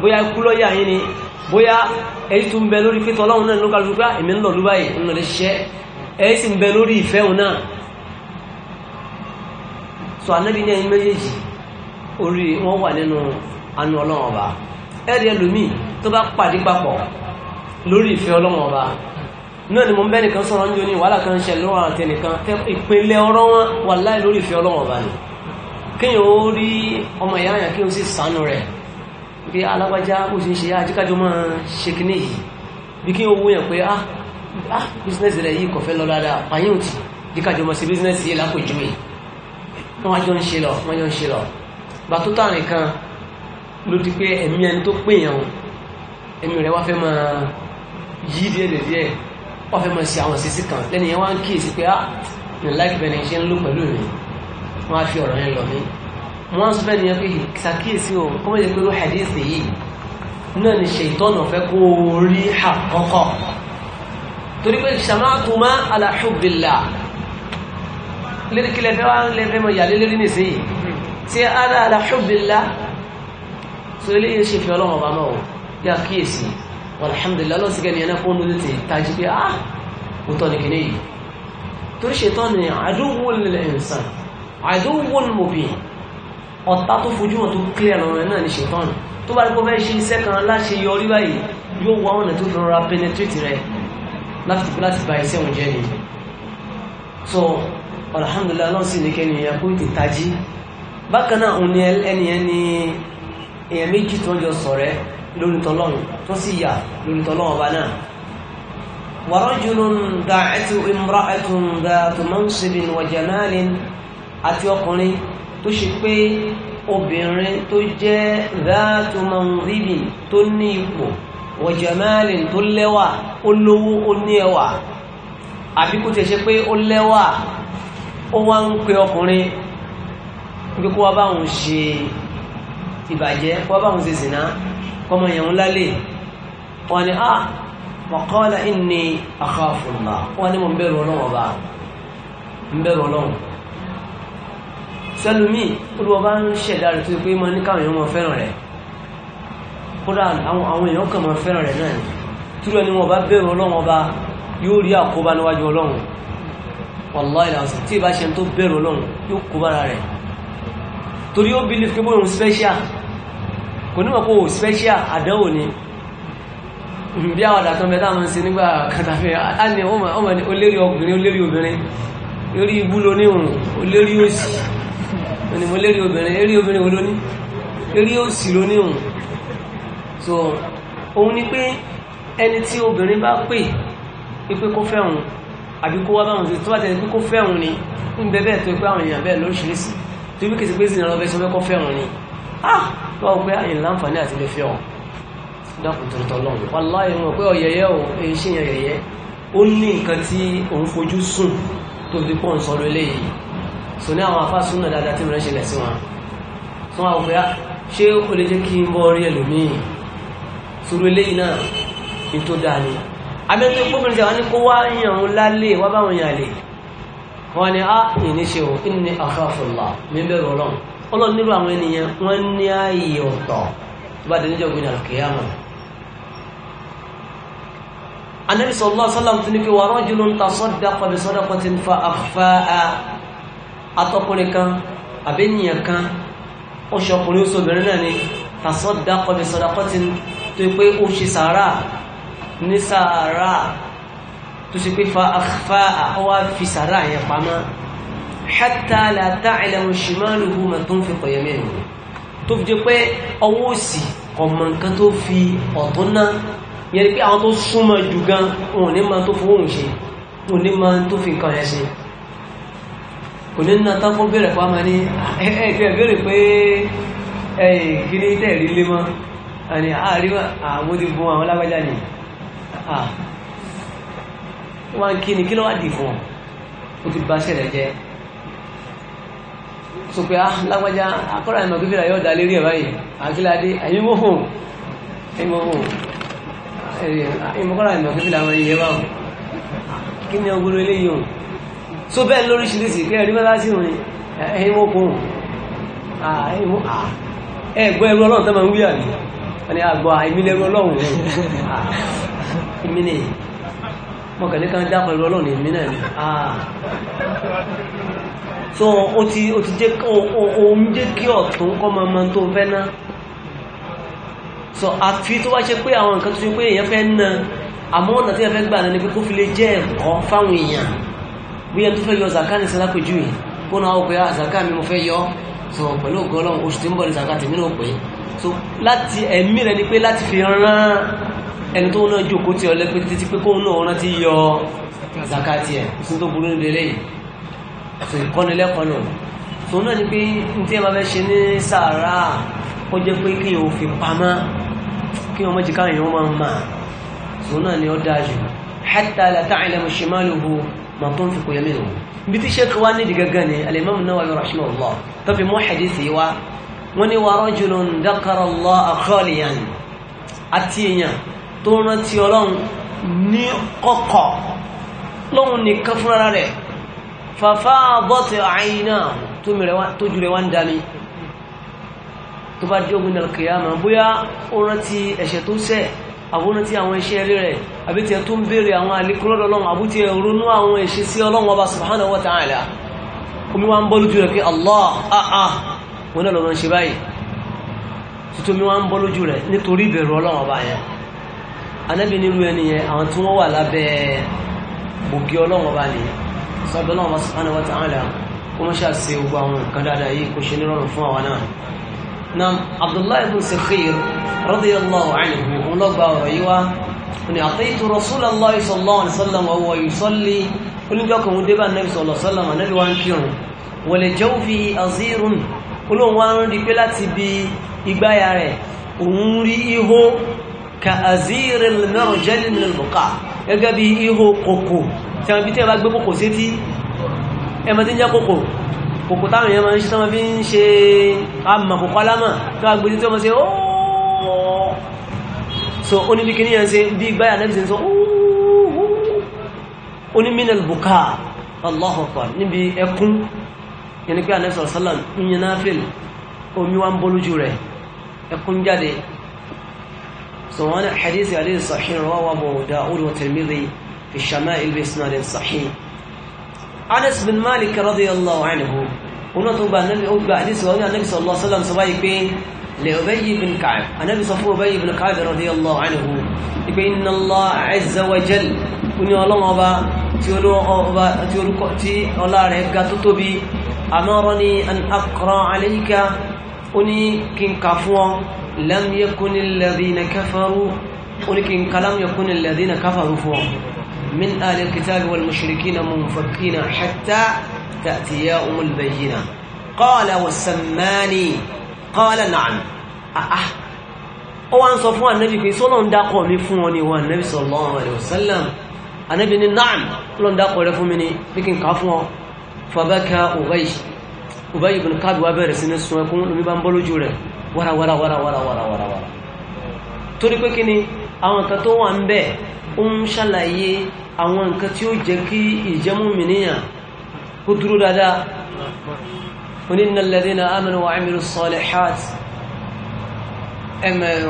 bóyá ikú lọ́yà yín ni bóyá ẹ̀yí tó ń bẹ lórí pítọ̀ ọlọ́run náà ló kàlùkù pé ah, èmi ń lọ lú báyìí ń lọ ṣiṣẹ́ ẹ̀yí sì ń bẹ lórí ìfẹ́ òun náà sọ anábì ní ẹni méjèèjì orí wọn wà nínú anú ọlọ́run ọba ẹ̀rí ẹlòmíì tó bá pàdé papọ̀ lórí ìfẹ́ ọlọ́run ọba náà ni mo ń bẹ́ nìkan sọ̀rọ̀ ń jóni wàhálà kan ń ṣe lọ́wọ́ àti ẹnìkan ìpínlẹ̀ ọ̀rọ̀ wọn wà láì lórí ìfẹ́ ọlọ́run ọba ni kéèyàn ó rí ọmọ ìyá àyàn kí o sì sànú rẹ̀ pé alágbájá ó ṣe ń ṣe ajíkájọ máa ṣe kíní yìí bí kí owó yẹn pé ah ah business rẹ̀ yìí kò fẹ́ lọ dáadáa pààyàn ò tì sí business yìí lápòjúwe wọ́n wájọ́ ń ṣe lọ wọ́n jọ ń ṣe lọ bá tó tààrin kan ló di pé ẹ̀mí ẹni tó pè yàn ẹ̀mí rẹ̀ wá fẹ́ máa yí díẹ̀ díẹ̀ fẹ́ máa ṣe àwọn ìṣesí kan lẹ́nu wá ń kíyèsí pé ah mi ò láìpẹ́ ni ṣe wọ́n sọ fẹ́ni yẹn pé ìsàkíyèsí o kó mẹ́jẹ pé ló hadithi yìí náà ni ṣètọ́nà fẹ́ kó rí hà kọ́kọ́ torí pé ṣàmátùmá ala hubbillah lérí kí lẹ́fẹ́ wá lẹ́fẹ́ mọ̀ yàlé lérí nìsí yìí tí ala ala hubbillah so eléyìí ṣe fi ọlọ́mọ bá náà yà kíyèsí alhamdulillah lọ́sí kẹ́ni ẹ̀nà fún ní ti ni kìíní yìí torí ṣètọ́nà aduwwul lil ọ̀tá tó fojú hàn tó clear lọ́rọ̀ náà ní ṣètọ́nù tó bá kó fẹ́ ṣe iṣẹ́ kan láṣẹ yọrí báyìí yóò wá ọ̀nà tó fi rọra penetrate rẹ láti láti ba iṣẹ́ òun jẹ́ ni so alhamdulilayi lọ́n sì ní kẹ́ni èèyàn kó tètè tají bákan náà òun ni ẹnìyẹn ni èèyàn méjì tó ń jọ sọ̀rẹ́ lórí tọ́lọ́run tó sì yà lórí tọ́lọ́run ọba náà warajulun da'atu imra'atun dhatu mansibin wa àti ọkùnrin tó ṣe pé obìnrin tó jẹ́ dáàtú mọ̀nrìbì tó ní ipò wọ̀jẹ̀mẹ́rin tó lẹ́wà ó lówó ó ní ẹwà àbí kó tẹ̀ ṣe pé ó lẹ́wà ó wá ń pe ọkùnrin pé kó wá báwọn ṣe ìbàjẹ́ kó wá báwọn ṣe zìnà kọmọ yẹn ń lálẹ́ wọn ni ah waqala inni akhafullah wọn ni mo ń bẹ̀rù ọlọ́wọ́ bá ń bẹ̀rù ọlọ́wọ́ pẹ̀lúmí olúwa bá ń ṣẹ̀dá rẹ̀ tó ti pé máa ní káwọn èèyàn máa fẹ́ràn rẹ̀ kódà àwọn èèyàn kan máa fẹ́ràn rẹ̀ náà ni túrọ̀ ni wọn bá bẹ̀rù ọlọ́run ọba yóò rí àkóbá níwájú ọlọ́run wàláì làásù tí ìbá ṣe tó bẹ̀rù ọlọ́run yóò kó bára rẹ̀ torí ó believe pé bóyá òun special kò ní mọ̀ pé òun special àdánwò ni bí àwọn àdàtàn mẹ́ta máa ń ṣe nígbà kàtàfẹ́ àní ó lérí ọkùnrin ó obìnrin lórí ibú lóníhùn ó òsì ẹni mo lérí obìnrin eré obìnrin wo lóní eré òsì lóní òun so òun ni pé ẹni tí obìnrin bá pè é pé kó fẹ́ òun àbí kó wá báwọn tó bá tẹ̀lé pé kó fẹ́ òun ni ń bẹ bẹ́ẹ̀ tó pé àwọn èèyàn bẹ́ẹ̀ lóríṣiríṣi tó bí kìí pé sì náà lọ́fẹ́ sọ pé kó fẹ́ òun ni ah báwo pé ah, àyìn láǹfààní àti lè fẹ́ ọ dákùn tó tọ́ lọ́wọ́ wàláyé wọn pé ọ̀yẹ̀yẹ́ o èyí ṣèyàn yẹ̀yẹ́ ó ní nǹkan tí òun fojú sùn tó fi pọ̀ ń eléyìí so ní àwọn afá súnà dáadáa tí mìíràn ṣẹlẹ̀ sí wọn tí wọn àwòfẹ́ ah, ṣé o lè jẹ́ kí n bọ́ rí ẹlòmíì sùúrù eléyìí náà ní tó dáa ni abẹ́tẹ́ gbọ́bìnrin sẹ́wọ́n ní kó wá yàn ń lálé wá báwọn yàn lè wọ́n ní á ah, ìní ṣe o kí ni àfàfùlà mi bẹ̀rù ọlọ́run ọlọ́run nílò àwọn ènìyàn wọ́n ní ààyè ọ̀tọ̀ tó bá dẹ̀níjọ́ gbé nàlùkè yàmà anabi sallallahu alaihi tún ní kí wàá rajulun tasaddaqa bi sadaqatin fa akhfa'a atọ́kùnrin kan àbẹ́nìyàn kan ó ṣe ọkùnrin ó sobìnrin náà ni tasaddaqa bi sadaqatin tó pé ó ṣe sàárà ní sàárà tó ṣe pé fa akhfa àwá fi sàárà yẹn pamọ́ hatta la ta'lamu shimaluhu ma tunfiqu yaminuhu fi jẹ́ pé tó fi ọ̀tún pé àwọn kò ní na tán fún bẹ̀rẹ̀ fún ní eh, eh, ẹ̀ẹ́fẹ́ bẹ̀rẹ̀ pé ẹ̀yìn eh, gíní tẹ̀rí lé mọ́ àní àríwá àmúdí fún àwọn lágbàjá ni ah, wọ́n kí ni kí ló wà dì fún ó ti bá ṣẹlẹ̀ jẹ́ so pé ah lágbàjá akọ́rà ìmọ̀ kí fìlà yóò dá lérí ẹ̀ báyìí àkíládé ah, ẹ̀yìn mọ́hùn ẹ̀yìn mọ́hùn ah, ẹ̀yìn mọ́kọ́rà ìmọ̀ kí fìlà so bẹ́ẹ̀ lóríṣiríṣi kí ẹ̀rí mẹ́ta sí rìn ẹ̀yìn wọ́n kún ẹ̀gbọ́ ẹ̀rú ọlọ́run tó máa ń wí àbí wọ́n ni àgbọ̀ àìmí lẹ́rú ọlọ́run èmi ni mọ̀kànlẹ́ kan dá pẹ̀lú ọlọ́run èmi náà ni so o ti o ti jẹ́ òun jẹ́ kí ọ̀tún kọ́ máa máa tó fẹ́ ná so àfi tó wá ṣe pé àwọn nǹkan tó ṣe pé èèyàn fẹ́ ná àmọ́ ọ̀nà tí èèyàn fẹ́ gbà náà ni pé kó fi lè jẹ́ ẹ̀kọ́ fáwọn èèyàn bí ẹni tó fẹ́ yọ zaka ní sẹ́lá pẹ̀jú yìí kó náà ó pé ah, zaka mi mo fẹ́ yọ so pẹ̀lú ògùn ọlọ́run oṣù tí ń bọ̀ ní zaka tèmi náà pé so láti ẹ̀mí rẹ ni pé láti fi rán ẹni tó náà jókòó tí ọlẹ́ pé títí pé kóun náà rántí yọ zaka tiẹ̀ sí tó burú nílé lẹ́yìn so ìkọ́nilẹ́kọ̀ọ́ náà so náà ni pé ní tí ẹ bá fẹ́ ṣe ní sàárà ó jẹ́ pé kí o fi pamọ́ kí o mọ́jì káàkiri wọ́n máa ń so náà ni ó dáa jù hatta la ta'lamu shimaluhu ma tunfiqu yaminuhu bí tí sheikh wa nídìí gangan ni alimami Nawawi rahimahullah tó fi mú hadisi wa wọ́n ní wa rajulun dhakara Allaha khaliyan àti èèyàn tó rántí ọlọ́run ní kọ̀kọ̀ lọ́run nìkan fúnra rẹ̀ fafadat aynahu tójú rẹ̀ wá ń dami tó bá dé ogun al bóyá ó rántí ẹ̀ṣẹ̀ tó ṣẹ̀ àbúrò tí àwọn iṣẹ́ rí rẹ̀ àbí tí ẹ tó ń béèrè àwọn àlékúrọ́dọ̀ ọlọ́run àbú tí ẹ ronú àwọn ìṣe sí ọlọ́run ọba subhanahu wa ta'ala omi wa ń bọ́ lójú rẹ̀ pé allah a'a ah, ah, wọn náà lọ́rọ̀ ń ṣe báyìí tuntun mi wa ń bọ́ lójú rẹ̀ nítorí ìbẹ̀rù ọlọ́run ọba نعم عبد الله بن سخير رضي الله عنه ونبا ريوا أني أعطيت رسول الله صلى الله عليه وسلم وهو يصلي قل جاكم مدبا النبي صلى الله عليه وسلم أنا لو أنكرهم ولجوفه أزير قل وان دي بلاتي بي إبايا ري أمري إهو كأزير المرجل من البقاع يجب إهو قوقو تنبيتي بقى بقوقو سيتي أما تنجا قوقو kòkò táwọn èèyàn máa ń ṣe bí ń ṣe amọ̀kòkò alámà tó agbèdè tó mọ́ sí ooo so ó ní bí kìíní yẹn ṣe bí gbáyà náà ṣe ń sọ ó ní minal buka Allahu Akbar níbi ẹkún yẹn pé àná sọ̀rọ̀ sálàm náà fèl omi wa ń bọ́ lójú rẹ̀ ẹkún jáde so wọn ní hadith alayhi sahih rawahu Abu Dawud wa Tirmidhi fi shama'il bi isnadin sahih Anas bin Malik radiyallahu anhu òun tó gba àdísì wọn ní anábì sallallahu alaihi wasallam sọ báyìí pé lè Ubayy bin Ka'b anábì sọ fún Ubayy bin Ka'b radiyallahu anhu ìpé inna Allah azza wa jal ní ọlọ́wọ́ ọba tí orúkọ tí ọlá rẹ̀ ga tó tóbi amarani an aqra alayka ó ní kí n lam yakuni alladhina kafaru ó ní kí n alladhina kafaru fún من أهل الكتاب والمشركين منفكين حتى تأتياهم البينة قال والسماني قال نعم أح ó wá ń sọ fún ànábì pé sọ́lọ́ ń dákọ̀ mi fún wọn ni wọn ànábì sallallahu alaihi wasallam ànábì ní náàm lọ́n dákọ̀ rẹ fún mi ní bí kí n ká fún ọ fàbákà Ubay Ubay ibn Ka'b wá bẹ̀rẹ̀ sí ní sun ẹkún lómi bá ń bọ́ lójú rẹ̀ wàràwàràwàràwàràwàrà torí pé kí ni àwọn kan tó wà ń bẹ̀ ó ń ṣàlàyé àwọn nǹkan tí ó jẹ́ kí ìjẹ́múmìníyàn kó dúró dáadáa inna alladhina amanu wa amilu salihat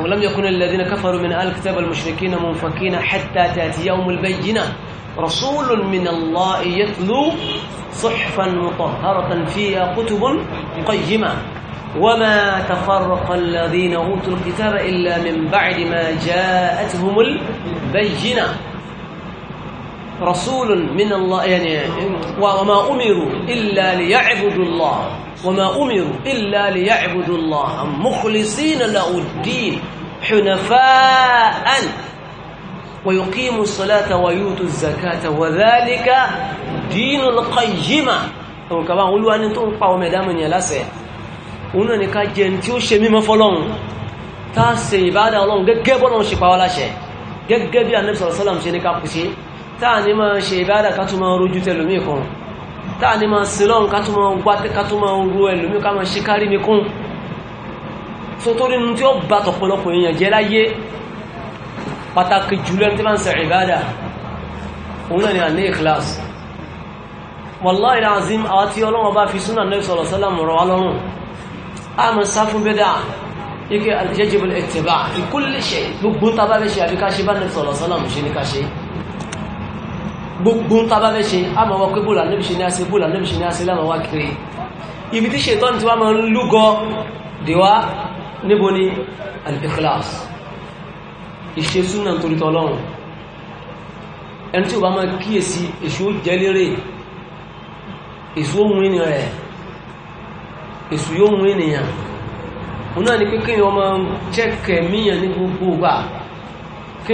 ولم يكن الذين كفروا من أهل الكتاب المشركين منفكين حتى تأتي يوم البينة رسول من الله يتلو صحفا مطهرة فيها كتب قيمة وما تفرق الذين أوتوا الكتاب إلا من بعد ما جاءتهم البينة رسول من الله يعني وما أمروا إلا ليعبدوا الله وما أمروا إلا ليعبدوا الله مخلصين له الدين حنفاء ويقيموا الصلاة ويؤتوا الزكاة وذلك دين القيمة كما قالوا أن تنقى ومدام يلاسي أنا نكاجين تيوشي مما فلون تاسي بعد الله جاكبون وشي قوالا شي جاكبي النبي صلى الله عليه وسلم شي نكاكو شي táà ní máa ṣe ìbádà ká tún máa rojú tẹlòmíì kan táà ní máa sin lọ́run ká tún máa wá ká tún máa ro ẹlòmíì ká máa ṣe kárí mi kún so tó nínú tí ó bá tọ̀pọ̀lọpọ̀ èèyàn jẹ́ láyé pàtàkì jùlọ ẹni tí máa ń ṣe ìbádà òun náà ni à ní ìkíláàsì wàláì azim àwọn tí ọlọ́wọ́ bá fi súnà Nabi sallallahu alaihi wasallam wá lọ́rùn a mọ̀ sá fún bẹ́dà ike al-yajib al-ittiba' gbogbo tábàbẹ́ àbíkáṣe bá Nabi sallallahu alaihi wasallam ní káṣe gbogbo ń tàbá fẹ́ ṣe a máa wọ pé bóòlù ànábì ṣe ní àṣẹ bóòlù ànábì ṣe ní àṣẹ láwọn wá kiri ibi tí ṣètọ́nù tí wọ́n máa ń lúgọ dèwà níbo ni al-ikhlas ìṣe súnà nítorí tọ́lọ́run ẹni tí ó bá máa kíyèsí èṣù jẹ́lérè èṣù ohun ìní rẹ̀ èṣù yóò mú ènìyàn òun náà ni kí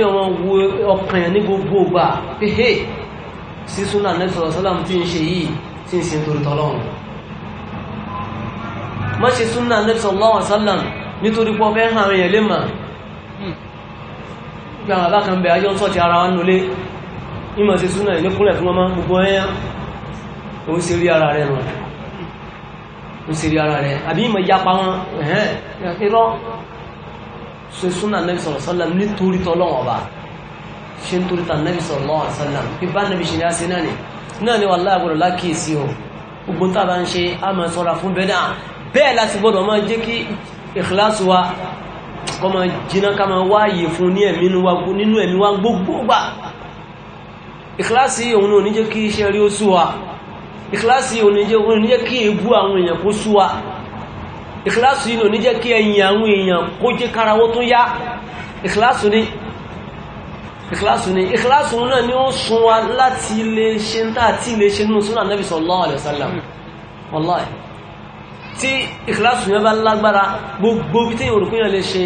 wọ́n wo ọkàn ní gbogbo gbà pé hey sí súnà nẹ́fẹ̀ẹ́ sọ́làm tí ń ṣe yìí tí ń sin torí tọ́lọ́run má ṣe súnà nẹ́fẹ̀ẹ́ sọ́làm nítorí pọ́ fẹ́ hàn èèyàn lè mà bí àwọn abákan bẹ̀ ajọ́ ń sọ́ọ̀tì ara wa nulẹ̀ ìmọ̀ ṣe súnà ìní kúnlẹ̀ fún ọmọ gbogbo ẹ̀yà òun ṣe rí ara rẹ̀ nù òun ṣe rí ara rẹ̀ àbí ìmọ̀ ìyapa wọn ẹ̀hẹ́n ṣe ń torí tàn nàbì sallallahu alaihi wasallam bí bá nàbì ṣe ní àṣẹ náà ni náà ni wallahi gbọ́dọ̀ lákìsí o gbogbo tá a bá ń ṣe a máa sọ́ra fún bẹ́ẹ̀ náà bẹ́ẹ̀ láti gbọ́dọ̀ máa jẹ́ kí ìkìláṣù wa kọ́ máa jiná ká máa wáyè fún ní ẹ̀mí nínú ẹ̀mí wa gbogbo gbà ìkìláṣì òun ní jẹ́ kí iṣẹ́ àwọn èèyàn kó jẹ́ kí ẹ̀yìn tó yá ìkìláṣì ni ìkìláàsù ni ìkìláàsù náà ni ó sun wa láti lè ṣe ń tà tí lè ṣe nínú súnà nẹ́bí sallallahu alaihi wasallam wallahi tí ìkìláàsù yẹn bá lágbára gbogbo bí tí òrùkú yẹn lè ṣe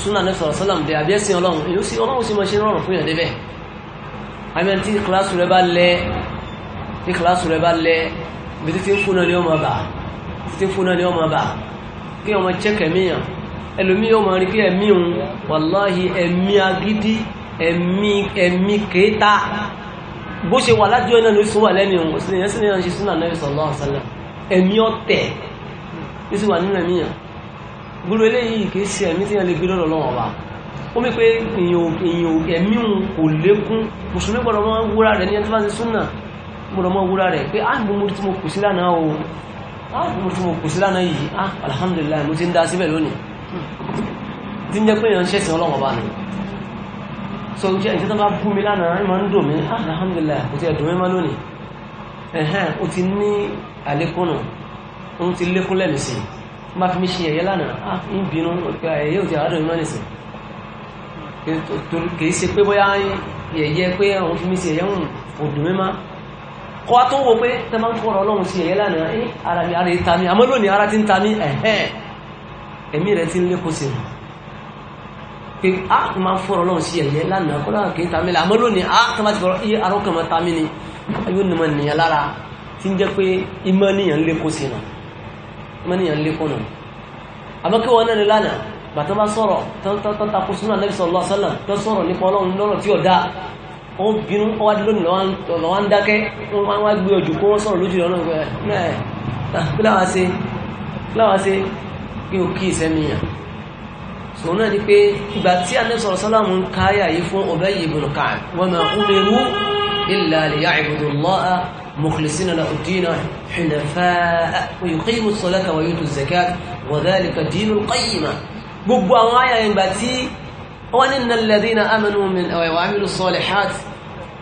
súnà nẹ́bí sallallahu alaihi wasallam dé àbí ẹ̀sìn ọlọ́run èyí sí ọlọ́run sì mọ̀ ṣe rọrùn fún yẹn débẹ̀ àmì tí ìkìláàsù rẹ bá lẹ tí ìkìláàsù rẹ bá lẹ máa rí kí ẹ̀mí òun wàláhì ẹ̀mí agídí ẹ̀mí ẹ̀mí kéta bó ṣe wà láti ọ̀nà ló sún wà lẹ́nu ìwọ̀n sí ìyẹn sí ìyẹn ṣe súnà náà sallallahu alaihi wasallam ẹ̀mí ọ̀tẹ̀ ló sì wà nínú ẹ̀mí yẹn gbúrú eléyìí kìí ṣe ẹ̀mí tí yẹn lè gbé lọ́dọ̀ lọ́wọ́ wa ó mi pé èèyàn ẹ̀mí òun kò lékún mùsùlùmí gbọ́dọ̀ mọ́ wúra rẹ̀ ní ẹni tó bá ṣe súnà gbọ́dọ̀ mọ́ wúra rẹ̀ pé áàbù ah, mo ti mo kù sí lánàá o áàbù ah, mo ti mo kù sí lánàá yìí ah alhamdulillah mo ti ń da síbẹ̀ lónìí tí ń jẹ́ pé èèyàn ń ṣẹ̀sìn ọlọ́wọ́ bá so jẹ́ ìṣẹ́ tó bá bú mi lánàá ìmọ̀ ń dùn mí ah, alhamdulillah kò ti ẹ̀dùn mi mọ́ lónìí ẹ̀hẹ́n ó ti ní àlékúnnù ó ti lékún lẹ́mìí sí má fi mi ṣe ẹ̀yẹ lánàá ah, ń bínú ah, ẹ̀yẹ òtí àádọ́ ìmọ̀ nìsín kìí ṣe pé bóyá ẹ̀yẹ pé àwọn fi mi ṣe ẹ̀yẹ ń òdùn mi má kọ́ wa tó ń wo pé tẹ́ máa ń fọ̀rọ̀ ọlọ́run ṣe ẹ̀yẹ lánàá eh, ara ti ta mi àmọ́ pé a ah, máa ń fọ́rọ̀ náà sí ẹ̀yẹ lánàá kọ́lá kì í ta mí la àmọ́ lónìí a ah, tó bá ti fọ́rọ̀ iye arọ́ kan máa ta mí ni yóò ní máa nìyàn lára tí ń jẹ́ pé ìmọ̀ níyàn ń lékún sí nà ìmọ̀ níyàn ń lékún nà àmọ́ kí wọ́n náà ní lánàá bàtà bá sọ̀rọ̀ tán takò súnà Nabi sallallahu alaihi wasallam tó sọ̀rọ̀ nípa ọlọ́run lọ́rọ̀ tí ọ̀dá wọ́n bínú ọwá dé lónìí lọ́wọ́ ń dákẹ́ wọ́n wá gbé ọjọ́ kó wọ́n sọ̀rọ̀ lójú lọ́nà ìgbẹ́ ẹ̀ kí láwa ṣe kí láwa ṣe kí o kí sọ náà ni pé ìgbà tí Ànábì sọ́lámù ń káyà yìí fún Ubay ibn Ka'b wa ma umiru illa liya'budu Allaha mukhlisina lahu ad-dina hunafa'a wa yuqimu as-salata wa yutu az-zakata wa dhalika ad-dinu gbogbo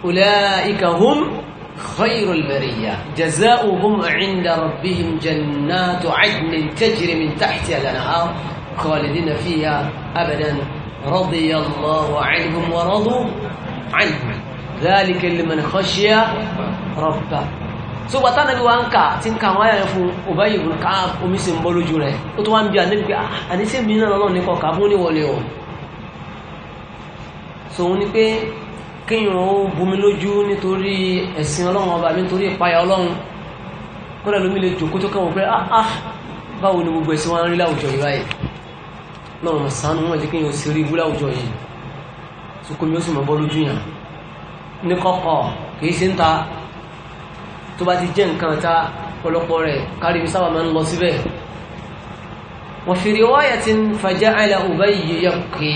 àwọn خير البرية جزاؤهم عند ربهم جنات عدن تجري من تحتها الأنهار خالدين فيها أبدا رضي الله عنهم ورضوا عنهم ذلك لمن خشي ربه so gbàtà nàbí wa ń kà tí ń ka àwọn ayàrẹ fún Ubay ibn Ka'ab omi sì ń bọ́ lójú rẹ̀ ó tó wá ń bí àníbi pé àníṣe mi náà lọ́nà nípa ọ̀kà fún níwọlé ọ̀ so òun ni pé kíyàn ó bomi lójú nítorí ẹ̀sìn ọlọ́run ọba mi nítorí ìpayà ọlọ́run kódà lómi lè jòkó tó kẹ́wọ̀n pé áá ah, ah, báwo ni gbogbo ẹ̀sìn wa ń rí láwùjọ yìí báyìí lọ́run mọ̀sánú wọn jẹ́ kíyàn ó sì rí ibú láwùjọ yìí sukomi ó sì mọ̀ bọ́ lójú yàn ní kọ́kọ́ kìí ṣe ń ta tó bá ti jẹ́ nǹkan ta ọ̀pọ̀lọpọ̀ rẹ̀ kárí mi sábà máa ń lọ síbẹ̀ wọ́n fi riwaya ti ń fajá àìlà Ubayy yẹ kìí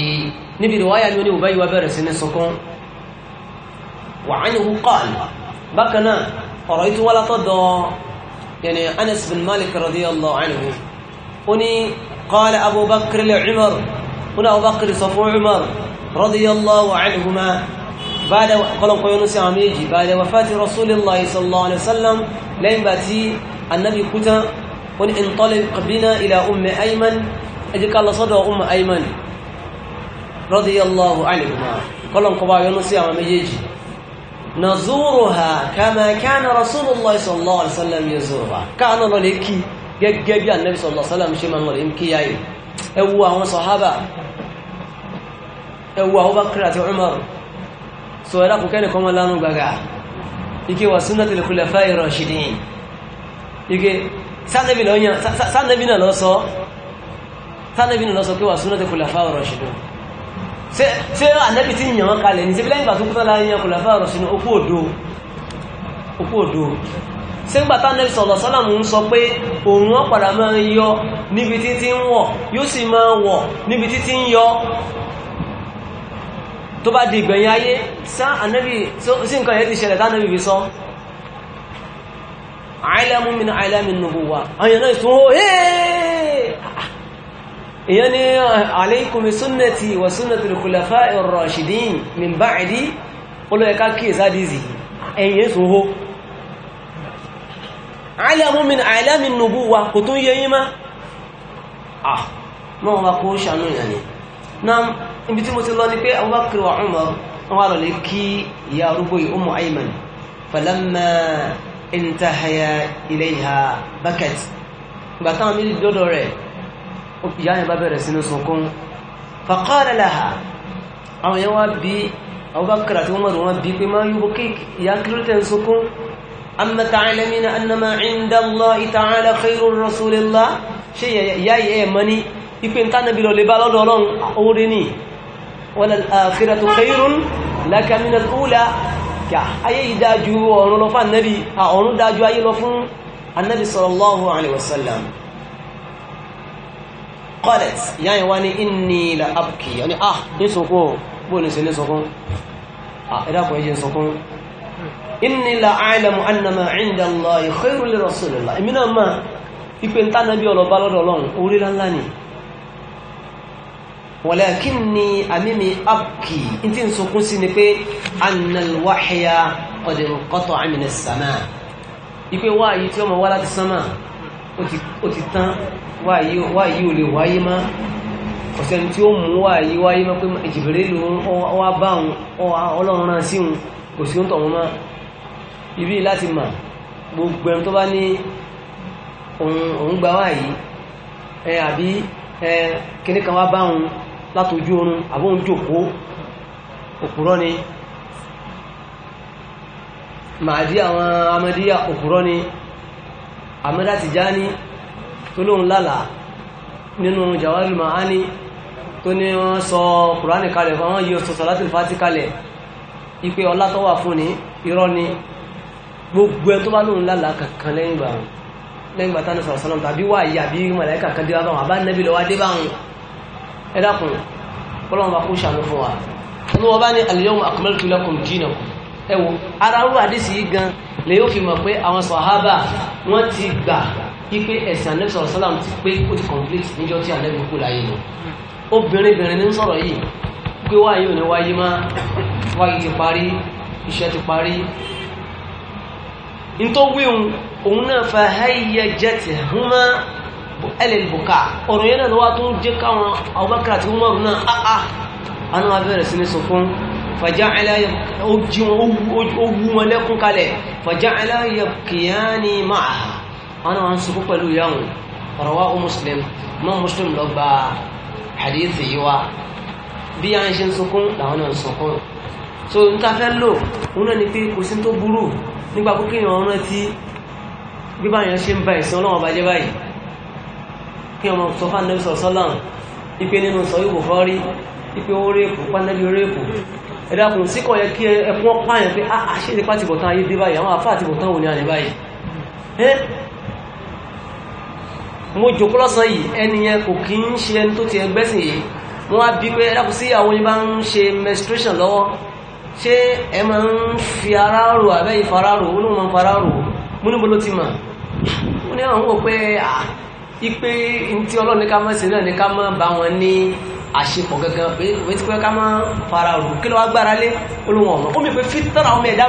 níbi riwaya ni ó ní Ubayy wa bẹ̀rẹ̀ sí ní sọkún وعنه قال بكنا قرأت ولا تضى يعني أنس بن مالك رضي الله عنه أني قال أبو بكر لعمر هنا أبو بكر صفو عمر رضي الله عنهما بعد قال قيونس عميجي بعد وفاة رسول الله صلى الله عليه وسلم لين باتي النبي كتا قل انطلق بنا إلى أم أيمن أجيك الله صدى أم أيمن رضي الله عنهما قال قبا يونس عميجي نزورها كما كان رسول الله صلى الله عليه وسلم يزورها كان لك gẹ́gẹ́ bí ànẹ́bí sallallahu alaihi wasallam ṣe máa ń lọ ní kíyà yìí ẹ wo àwọn sọ̀hábà ẹ wo Abubakar àti Umar sọ ẹ̀rá kò kẹ́ni kọ́mọ lánú gbàgà ike wà sunnatil khulafa'ir rashidin ike sánẹ́bí náà lọ́sọ́ kí wà sunnatil khulafa'ir rashidin se ṣé ànẹ́bì tí yàn kalẹ̀ ní síbílẹ̀ ìgbà tó kú tánlá yẹn kùlàfà rọ̀ sínú okú òdó ṣé ń gbàtà ànẹ́bì sọ̀lọ̀ sálàmù ń sọ pé òun ọ̀pàdà máa ń yọ níbi tí ti ń wọ̀ yóò sì máa wọ̀ níbi tí ti ń yọ tó bá di ìgbẹ̀yìn ayé sá ànẹ́bì sí nǹkan yẹn ti ṣẹlẹ̀ tánẹ́bì fi sọ àìlẹ́mú mi ní àìlẹ́mú nùbùwà àyàn náà ìsúnwó hẹ́ẹ́ ìyẹn ni alaykum bi sunnati wa sunnati al-khulafa'i ar-rashidin min ba'di olóyẹ̀ká kíyèsá dìzì ẹ̀yìn èso hó alamu min alami nubuwa kò tún yẹ yí má ah náà wọ́n kó ṣàánú ìyàní na ibi tí mo ti lọ ní pé Abubakar wa Umar wọ́n lọ lè kí ìyá arúgbó yìí Ummu Ayman falamma intahaya ilayha bakat ìgbà táwọn méjì dọ́dọ̀ rẹ̀ ìyá yẹn bá bẹ̀rẹ̀ sínú sunkún faqala laha àwọn yẹn wá bí Abubakar àti Umar wọn bí pé máa yúbo kéèkì ìyá kírítẹ̀ ń sunkún amma ta'lamina annama inda Allahi ta'ala khairur rasulillah ṣe ìyá yẹ ẹ̀ mọ́ ní ipe ntánàbí lè bá lọ́dọ̀ qalat ìyá yẹn wá ní inni la abki ọ ní ah ní sọkún bóòlù sí ní sọkún ẹ̀dàkùn ẹjẹ́ sọkún inni la a'lamu annama inda Allahi khairu li rasulillah èmi náà máa ipe ntánàbí ọlọ́ba lọ́dọ̀ ọlọ́run orí lánlá ni walakinni àmìmì tí sọkún sí ni pé annal wáyé ò lè wáyé má ọ̀sẹ̀ tí ó mú wáyé wáyé má pé ìjìbìrì ló wá bá ọlọ́run rán sí òun kò sí oúntọ̀ wọn má ibi láti mà gbogbo ẹni tó bá ní òun gba wáyé ẹ àbí ẹ kíní kan wá bá òun látojú oorun àbóhun jòkó òpùrọ́ ni màdí àwọn amẹ́díyà òpùrọ́ ni amẹ́dá Tìjání tó lóun lálàá nínú jawari mahani tó ní wọ́n sọ kùránì kalẹ̀ fún àwọn yíò sọ sọ̀látì fàtí kalẹ̀ ipe ọlá tó wà fún ni irọ́ ni gbogbo ẹ tó bá lóun lálàá kankan lẹ́yìn ìgbà wọn lẹ́yìn ìgbà tánà sọ̀rọ̀ sọ́lọ́m tàbí wà yí àbí màláìkà kan dé báwọn àbá nẹ́bí lọ́wọ́ dé báwọn ẹ dákun kọ́lọ́wọ́n bá kó ṣàánú fún wa olúwọ́ bá ní al-yawma akmaltu lakum dinakum ẹ wo ara rú àdísì yìí gan lè yóò fi mọ̀ pé àwọn sàhábà wọ́n ti gbà wípé ẹ̀sìn anabi sọ̀rọ̀ sálàm ti pé ó ti complete níjọ́ tí anabi kú láyé lọ hmm. obìnrin bìnrin ní sọ̀rọ̀ yìí pé wáyé ò ní wáyé má wáyé ti parí iṣẹ́ ti parí nítorí òun náà fa hayya jẹ́tì húnmá ẹlẹ́lùbùkà ọ̀rọ̀ yẹn náà lọ́wọ́ tó ń jẹ́ káwọn Abubakar àti Umar náà áá ah, ah. anú abẹ́rẹ̀ sí ní sọkún fàjáàlá ó jí wọn ó wú wọn lẹ́kún kalẹ̀ fàjáàlá máa àwọn náà wọn sunkún pẹ̀lú ìyá wọn ọ̀rọ̀wá o muslim mọ́ muslim lọ gba hadithi yìí wa bí a ń ṣe ń sunkún làwọn náà ń sunkún so n ta fẹ́ lò wọn náà ni pé kò sí tó burú nígbà pé kéèyàn ọ̀rọ̀ tí bí báyìí ṣe ń ba ìsìn ọlọ́wọ́n bàjẹ́ báyìí kí ọmọ sọ fún anabi sọ sọlọ́n ipe nínú sọ yóò bọ̀ fọ́rí ipe ó rèpù pánẹ́lì ó rèpù ẹ̀dá kùn sí kọ̀ yẹ kí ẹkún ọ̀pá yẹn pé a ah, ah, ṣe ti pàtìbọ̀tán ayé dé báyìí àwọn àfáà àtìbọ̀tán wò ní àná báyìí mo jòkó lọ́sàn yìí ẹni yẹn kò kí ń ṣe ẹni tó ti ẹgbẹ́sìn yìí wọ́n á bí pé ẹ̀dàkùn sí àwọn yìí ń ṣe menstruation lọ́wọ́ ṣé ẹ máa ń fi ara rò abẹ́ ìfara rò ó ló máa ń fara rò mú níbo ló ti mà ó ní àwọn wò pé ipe ntí ọlọ́run ní ká máa ṣe náà ní ká máa bá wọn ní àṣepọ̀ gangan pé òwe ti pẹ́ ká máa fara rò kí ló wá gbára lé olóhùn ọ̀nà ó mi pé fítọ́ra ọmọ ẹ̀dá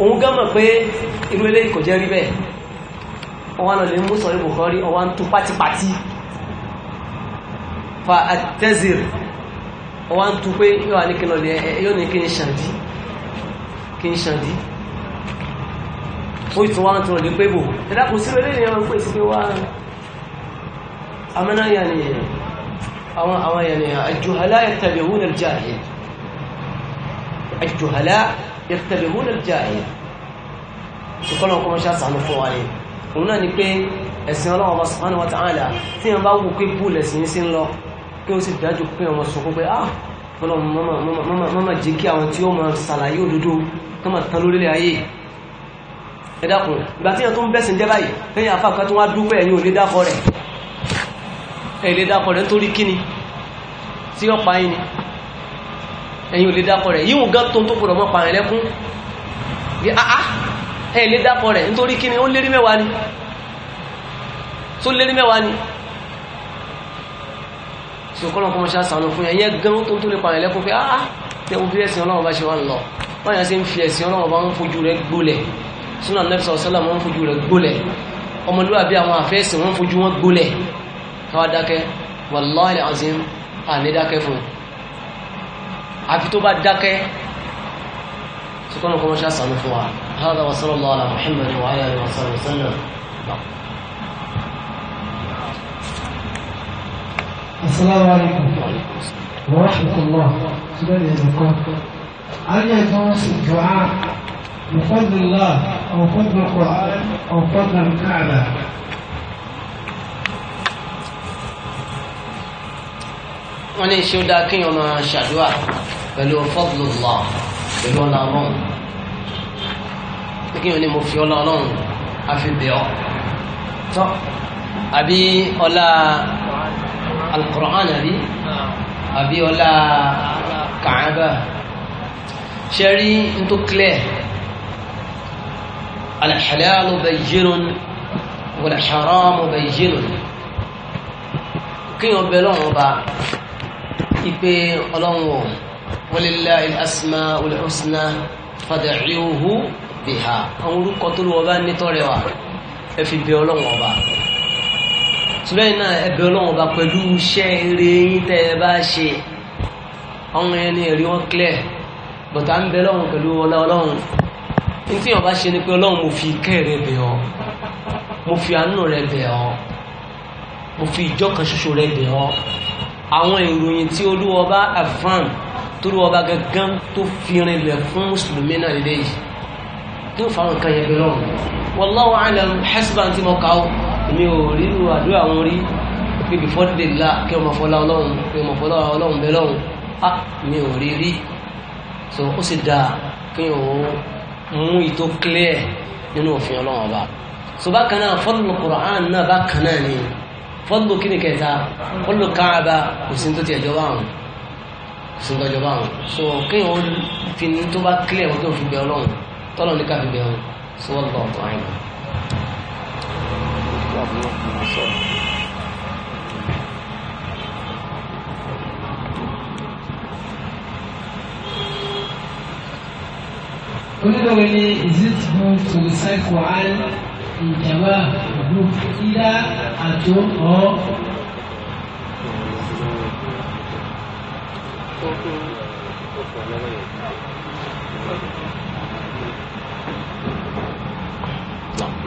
òun gán mọ̀ pé irú ilé kò jẹ́ rí bẹ́ẹ̀ ọwọ́n lọ lè mú sọ ibò kan rí ọwọ́n tó pátípátí fa àtẹ́zìr ọwọ́n tó pé yóò wà ní kí lọlẹ̀ yóò ní kí n ṣàndí ó ìtún wọn tó lè pé bò ẹ̀dá kò sírò eléyìí wọn pèsè pé wá amẹ́nà yà الجهلاء يختبرون الجاهل ṣùkọ́lọ̀ kọmọ ṣàṣàánú fún wa ní òun náà ni pé ẹ̀sìn Ọlọ́hun Ọba subhanahu wa ta'ala tí wọ́n bá wù pé búùlù ẹ̀sìn sí ń lọ kí ó sì dájú pé ọmọ sọkún pé ah fọ́lọ̀ mọ́mọ́ jẹ́ kí àwọn tí ó mọ ṣàlàyé òdodo tó mọ̀ tán lórílẹ̀ ayé ẹ dákun ìgbà tí wọ́n tó ń bẹ́sìn jẹ́ báyìí lẹ́yìn afá kan tó wá dúpẹ́ ẹ̀yìn òlé dákọ rẹ̀ ẹ̀lé dákọ rẹ̀ nítorí kíni tí ọ̀pá yìí ni ẹ̀yin ò lè dákọ rẹ̀ yíwùn gán tó tó gbọdọ̀ mọ́ pa àyàn lẹ́kún ah, ah, ẹ̀ lè dákọ rẹ̀ nítorí kí ni ó lérí mẹ́wàá ni tó lérí mẹ́wàá ni tí ọkọ́ lọ́kọ́ mọ́ṣá sànú fún ẹ̀yẹ gan tó tó lè pa àyàn ah, ah tẹ o fi ẹ̀sìn ọlọ́run bá ṣe wá ń lọ wọ́n yàn sí ń fi ẹ̀sìn ọlọ́run bá ń fojú rẹ̀ gbólẹ̀ súnà nẹ́bí sọ̀sọ́lá wọ́n ń fojú rẹ̀ gbólẹ̀ ọmọlúwàbí àwọn àfẹ́sìn wọ́n ń fojú wọn gbólẹ̀ káwá dákẹ́ wàláhì àzín ànídákẹ́ fún un àfi tó bá dákẹ́ sukọ́nà kọ́mọ́ ṣe àṣàlù fún wa hàdà wa sallallahu ala muhammad wa ala alihi wa sallam sallam. asalaamu alaykum wa rahmatulah sibẹ́ni ẹ̀dọ̀kọ́ ayé ẹ̀dọ́ wọn sì jọ á bùkọ́dùnlá ọ̀kọ́dùn kọ́ ọ̀kọ́dùn káàdà. wọ́n ní ṣé ó dáa kí èèyàn máa ṣàdúrà pẹ̀lú fadlullah pẹ̀lú ọ̀la ọlọ́run kí èèyàn ní mo fi ọ̀la ọlọ́run àfi bẹ̀ ọ́ tọ́ àbí ọ̀la alukur'an àbí àbí ọ̀la kàába ṣe rí n tó clear alḥalalu bayyinun wal haramu bayyinun kí èèyàn bẹ lọ́run ọba ipe ọlọ́wọ̀ walillahil asmaul husna fad'uhu biha àwọn orúkọ tó lọ́wọ́ bá ní tọ́rẹ wa ẹ fi bẹ ọlọ́wọ̀ ọba ṣùgbọ́n náà ẹ bẹ ọlọ́wọ̀ ọba pẹ̀lú iṣẹ́ eré yín tẹ́ ẹ bá ṣe ọmọ yẹn ni ẹ̀rí wọn clear bọ̀tà ń bẹ lọ́wọ́ pẹ̀lú ọlá ọlọ́run ní tí yọ̀ọ́ ṣe ni pé ọlọ́run mo fi ìkẹ́ rẹ bẹ̀ ọ́ mo fi àánú rẹ bẹ̀ ọ́ mo fi ìjọ kan ṣoṣo rẹ bẹ̀ ọ́ àwọn ìròyìn tí olúwọba avan tó lúwọba gangan tó fi rinlẹ̀ fún mùsùlùmí náà lélẹ́ yìí tó fáwọn kan yẹn lọ wallahu alam hasban tí mo kà ó èmi ò rí àdúrà wọn rí pé before the la kí ọmọ fọlá ọlọ́run pé ọmọ fọlá ọlọ́run bẹ lọ́run á mi ò rí rí so ó sì dáa kí n ò mú ìtó clear nínú òfin ọlọ́run ọba so bákan náà fọlùmù Qur'an náà bákan náà ni fọ́lù kí ni kẹta fọ́lù káàbà kò sí tó ti ẹ̀jọ́ bá kò sí tó ẹ̀jọ́ bá wọn so kéèyàn ó fi ní tó bá kílẹ̀ wọn tó fi bẹ ọlọ́run tọ́lọ̀ ní ká fi bẹ wọn so wọ́n lọ ọ̀tọ̀ àyìnbó. onídọ̀wé ni is it good to recite Quran in Jamaah mufida àtò ọ.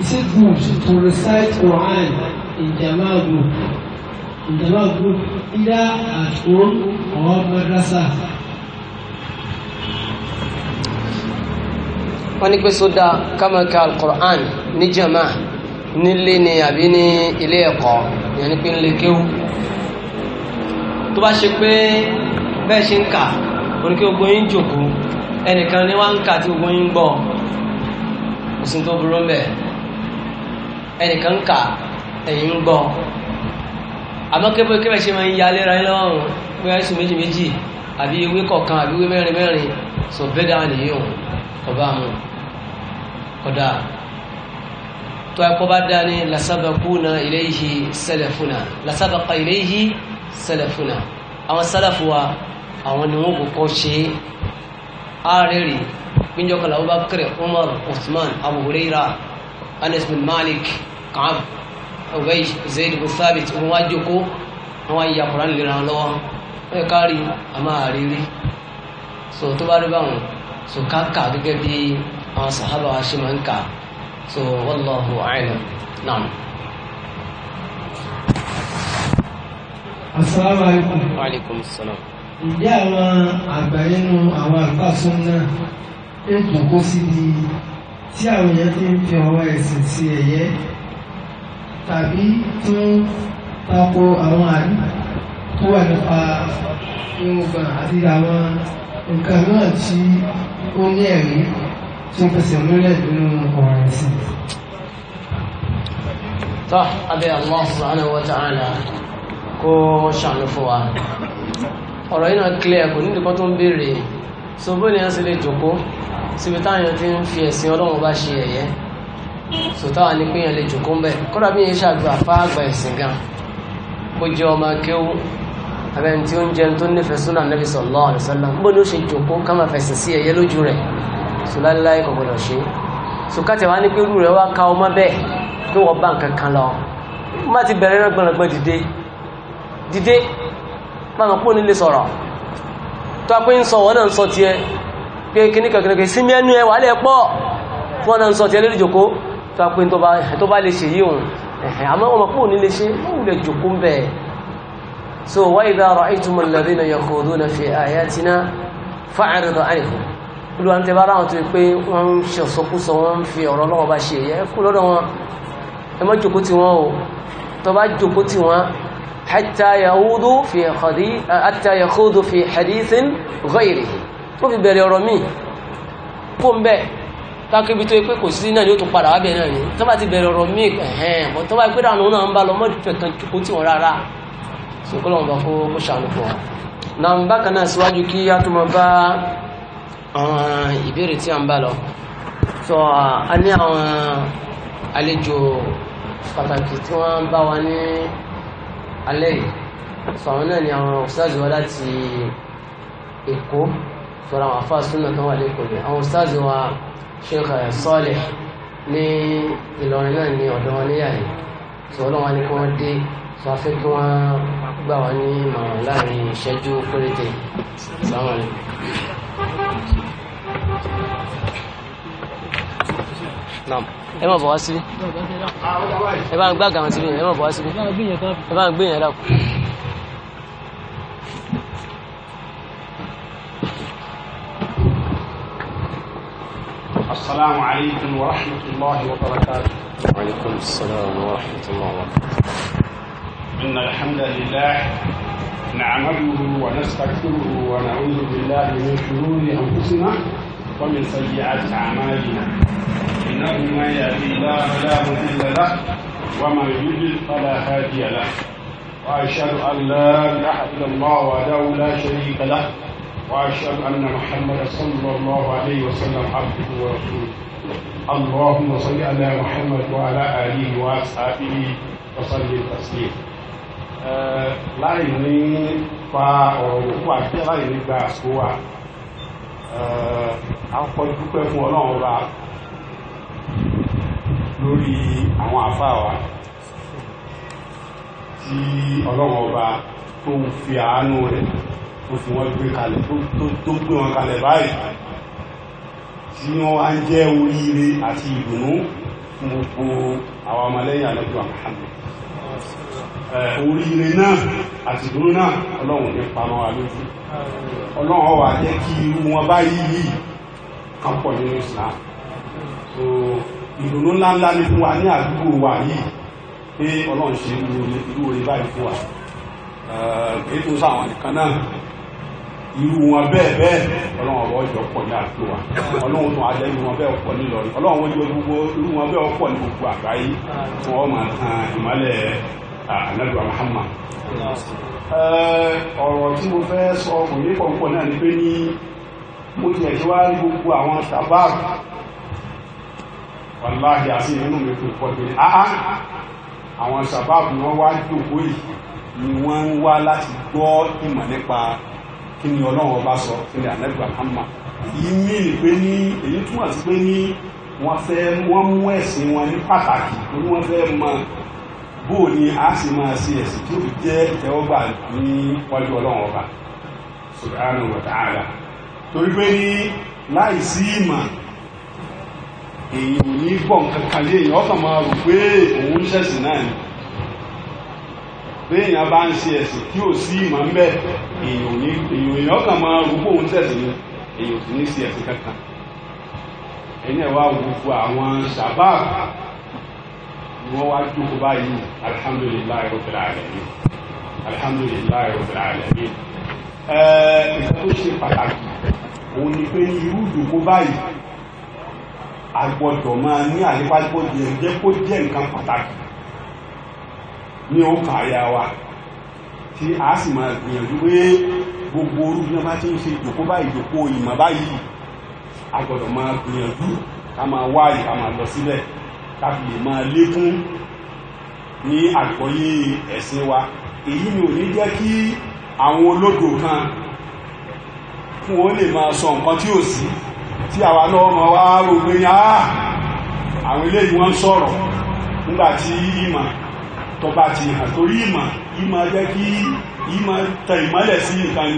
Is it good to recite Quran in Jama group? In Jama group, either at home or madrasa? wọ́n ní pé sódà ká máa ka ní jama nílé ni àbí ní ilé ẹ̀kọ́ ìyẹn ni pé ń lè kéwú tó bá ṣe pé bẹ́ẹ̀ ṣe ń kà oníkè ogun yín jòkó ẹnìkan ní wá ń kà tí ogun yín ń gbọ́ kò sí tó burú mbẹ́ ẹnìkan ń kà ẹ̀yìn ń gbọ́ àmọ́ kébé kébé ṣe máa ń ya léra yín lọ́rùn bóyá oṣù méjì méjì àbí ewé kọ̀ọ̀kan àbí ewé mẹ́rin mẹ́rin sọ bẹ́ẹ̀ dáhùn nìyí òun ọba àmọ́ kódà. So tó ẹkọ́ bá dá ní lasabakuna ilayhi salafuna lasabaqa ilayhi salafuna àwọn sálàfù wa àwọn ni wọ́n kò kọ́ ṣe ààrẹ̀rì gbíjọkọ̀lá Abubakar Umar Uthman Abu Huraira bin Malik Ka'ab Ubay Zayd bin Thabit òun wá jókòó wọn wá yí akọ̀rán lè ràn lọ́wọ́ ẹ kárí àmọ́ àrírí so tó bá rí báwọn so ká kà gẹ́gẹ́ bí àwọn sàhábà wa ṣe máa ń kà so wallahu a'lam naam. asalaamualeykum. wa aleykum salaam. ǹjẹ́ àwọn àgbà nínú àwọn àgbà sunna ètò kó síbi tí àwọn èèyàn ti ń fi ọwọ́ ẹ̀sìn sí ẹ̀yẹ tàbí tún tako àwọn àdúgbò tó wà nípa irun àti àwọn nǹkan náà tí ó ní ẹ̀rí tí wọ́n fẹsẹ̀ múlẹ̀ nínú ọ̀rọ̀ ẹ̀sìn. tọ́ abẹ́ Allah subhanahu wa ta'ala kó ṣàánú fún wa ọ̀rọ̀ yìí náà clear kò nídìí kan tó ń béèrè so bó ni a sì lè jòkó síbi táwọn ti ń fi ẹ̀sìn ọlọ́run bá ṣe ẹ̀yẹ́ so táwa ní pé yẹn lè jòkó ń bẹ̀ kódà bí yẹn ṣàgbà fáàgbà ẹ̀sìn gan kó jẹ́ ọmọ akéwú abẹ́ni tí ó ń jẹun tó nífẹ̀ẹ́ súnà Nabi sallallahu alaihi wasallam bó ni ó ṣe jòkó ká máa fẹ̀sìn sùláláì kò gbọdọ̀ ṣe sùkátẹ̀ wá ní pé irú rẹ̀ wá ka ọmọ bẹ́ẹ̀ pé wọ́n bá nǹkan kan lọ má ti bẹ̀rẹ̀ náà gbọ̀nàgbọ̀n dìde dìde má mọ̀ pé onílé sọ̀rọ̀ tó a pé ń sọ wọ́n náà ń sọ tiẹ̀ pé kíníkà kíníkà sí mẹ́nu ẹ̀ wà lẹ́ pọ̀ olúwa ní tẹ bá ráwọn tó pé wọ́n ń ṣe ọ̀sọ́kúsọ wọ́n ń fi ọ̀rọ̀ lọ́wọ́ bá ṣe ẹ̀yẹ kú lọ́dọ̀ wọn ẹ má jòkó tí wọ́n o tó bá jòkó tí wọ́n hatta yahudu fi hadith hatta yahudu fi hadithin ghayrihi ó fi bẹ̀rẹ̀ ọ̀rọ̀ míì kó ń bẹ́ẹ̀ kákébi tó pé kò sí náà ni ó tún padà wábẹ̀ náà ni tó bá ti bẹ̀rẹ̀ ọ̀rọ̀ àwọn eh, ìbéèrè tí a ń bá lọ sọ a ní àwọn àlejò pàtàkì tí wọ́n ń bá wa ní alẹ́ yìí sọ àwọn náà ni àwọn ustazi wa láti Èkó sọ̀rọ̀ àwọn afá súnà tó wà lẹ́kọ̀ọ́ yìí àwọn ustazi wa Sheikh eh, Saleh ní Ìlọrin náà ní ọ̀dọ̀ wọn níyà sọ ọlọ́wọ́n ni kí wọ́n dé sọ afẹ́ kí wọ́n gbà wá ní ìmọ̀ràn láàrin ìṣẹ́jú péréte sáwọn rẹ̀. ẹ má bọ̀ wá síbí ẹ bá ń gbá gàmọ́ síbí ẹ má bọ̀ wá síbí ẹ bá ń gbé yẹn dàkú. السلام عليكم ورحمة الله وبركاته وعليكم السلام ورحمة الله وبركاته إن الحمد لله نعمله ونستغفره ونعوذ بالله من شرور أنفسنا ومن سيئات أعمالنا إنه ما يهدي الله فلا مضل له ومن يضلل فلا هادي له وأشهد أن لا إله إلا الله وحده لا شريك له وأشهد أن محمدا صلى الله عليه وسلم عبده ورسوله اللهم صل على محمد وعلى آله وأصحابه وصلي تسليما láì ní fa ọ̀rọ̀ òkú àti láì ní gba àpò wa akọ dúpẹ́ fún ọlọ́run wa lórí àwọn àfa wa tí ọlọ́run ọba tó ń fi àánú rẹ̀ tó fi wọ́n gbé kalẹ̀ tó gbé wọn kalẹ̀ báyìí tí wọ́n á jẹ́ oríire àti ìdùnnú fún gbogbo àwọn ọmọlẹ́yìn àlejò àmàhàmì oríire náà àti ìdúró náà ọlọ́run ní pamọ́ wa lójú ọlọ́run ọwà jẹ́ kí irú wọn báyìí yìí kan pọ̀ nínú Islam so ìdùnnú ńláńlá ní fún wa ní àdúgbò wa yìí pé ọlọ́run ṣe irú orí báyìí fún wa kìí tún sáwọn nìkan náà irú wọn bẹ́ẹ̀ bẹ́ẹ̀ ọlọ́run ọ̀rọ̀ ọjọ́ pọ̀ ní àdúgbò wa ọlọ́run tún ajẹ́ irú wọn bẹ́ẹ̀ pọ̀ nílọrin ọlọ́run ojú gbogbo irú wọn bẹ́ẹ̀ pọ̀ ní gbogbo àgbáyé wọn máa tan ìmọ́lẹ̀ Ah, ànágbà Muhammad ọ̀rọ̀ tí mo fẹ́ sọ kò ní pọ̀pọ̀ náà ni pé ní mo ti ẹ̀jẹ̀ wá rí gbogbo àwọn tàbáàbù wàláhì àti inú mi kò pọ̀ bẹ́ẹ̀ áá àwọn tàbáàbù wọn wá jòkó yìí ni wọ́n ń wá láti gbọ́ ìmọ̀ nípa kí ni ọlọ́run ọba sọ kí ni ànágbà Muhammad èyí mí ni pé ní èyí túmọ̀ sí pé ní wọ́n fẹ́ wọ́n mú ẹ̀sìn wọn ní pàtàkì wọ́n fẹ́ mọ bóò ni a sì máa ṣe ẹ̀sìn tó fi jẹ́ ìtẹ́wọ́gbà ní wájú ọlọ́run ọba subhanahu wa ta'ala torí pé ní láì sí ìmọ̀ èyàn ò ní gbọ̀n kankan lé èyàn ọkàn máa rò pé òun ṣẹ̀sìn náà ni béèyàn bá ń ṣe ẹ̀sìn tí ò sí ìmọ̀ ń bẹ̀ èyàn ò ní ọkàn máa rò pé òun ṣẹ̀sìn ni wọ́n wá jókòó báyìí alihamudulilayi rabbil alamin alihamudulilayi rabbil alamin ẹ̀ẹ́ nǹkan tó ṣe pàtàkì òun ni pé irú ìdòkó báyìí agbọ́dọ̀ máa ní àyípadà jẹ́ jẹ́ kó jẹ́ nǹkan pàtàkì ní òǹkà àyà wa tí a sì máa gbìyànjú pé gbogbo orúkú náà bá ti ń ṣe ìdòkó báyìí ìdòkó ìmọ̀ báyìí agbọ́dọ̀ máa gbìyànjú ká máa wáyìí ká máa lọ síbẹ̀ káfí lè máa lékún ní àgbọ́yé ẹ̀sìn wa èyí ni ò ní jẹ́ kí àwọn ológo kan fún ó lè máa sọ nǹkan tí ò sí tí àwa náà mọ̀ wá rògbé ní àwọn eléyìí wọ́n sọ̀rọ̀ nígbà tí ìmọ̀ tọba ti hàn torí ìmọ̀ ìmọ̀ jẹ́ kí ìmọ̀ tẹ sí nǹkan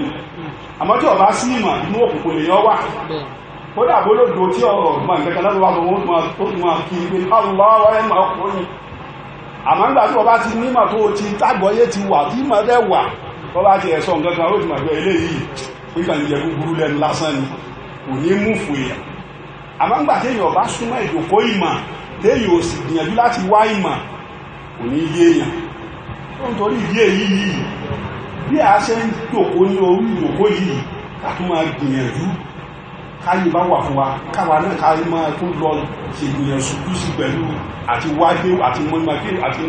àmọ́ tí ọba sí ìmọ̀ inú òkùnkùn kódà bólódò tí ọ̀rọ̀ ọ̀gbọ́n ìgbẹ́ta lọ́wọ́ wọn ó fi máa fi pé aláwọ̀ ẹ̀ máa kọ́ ni àmọ́ nígbà tí wọ́n bá ti nímọ̀ tó ti tágbọ́yé ti wà tí mọ̀ dẹ̀ wà wọ́n bá ti ẹ̀sọ́ nǹkan kan ó ti màgbẹ́ eléyìí nígbà ní ìyẹ̀kú burú lẹ́nu lásán ni kò ní mú fún èèyàn àmọ́ nígbà téèyàn bá súnmọ́ ìdòkó ìmọ̀ téèyàn ò sì gbìyànjú láti wá ìmọ̀ kò ní yé èèyàn tó ń torí ìdí èyí yìí bí a ṣe ń dòkó ní orí ìdòkó yìí ká tún máa gbìyànjú káyé bá wà fún wa káwa náà káyé máa tó lọ ṣègbìyàn ṣubú sí pẹ̀lú àti wájú àti mọ́nìmọ́kè àti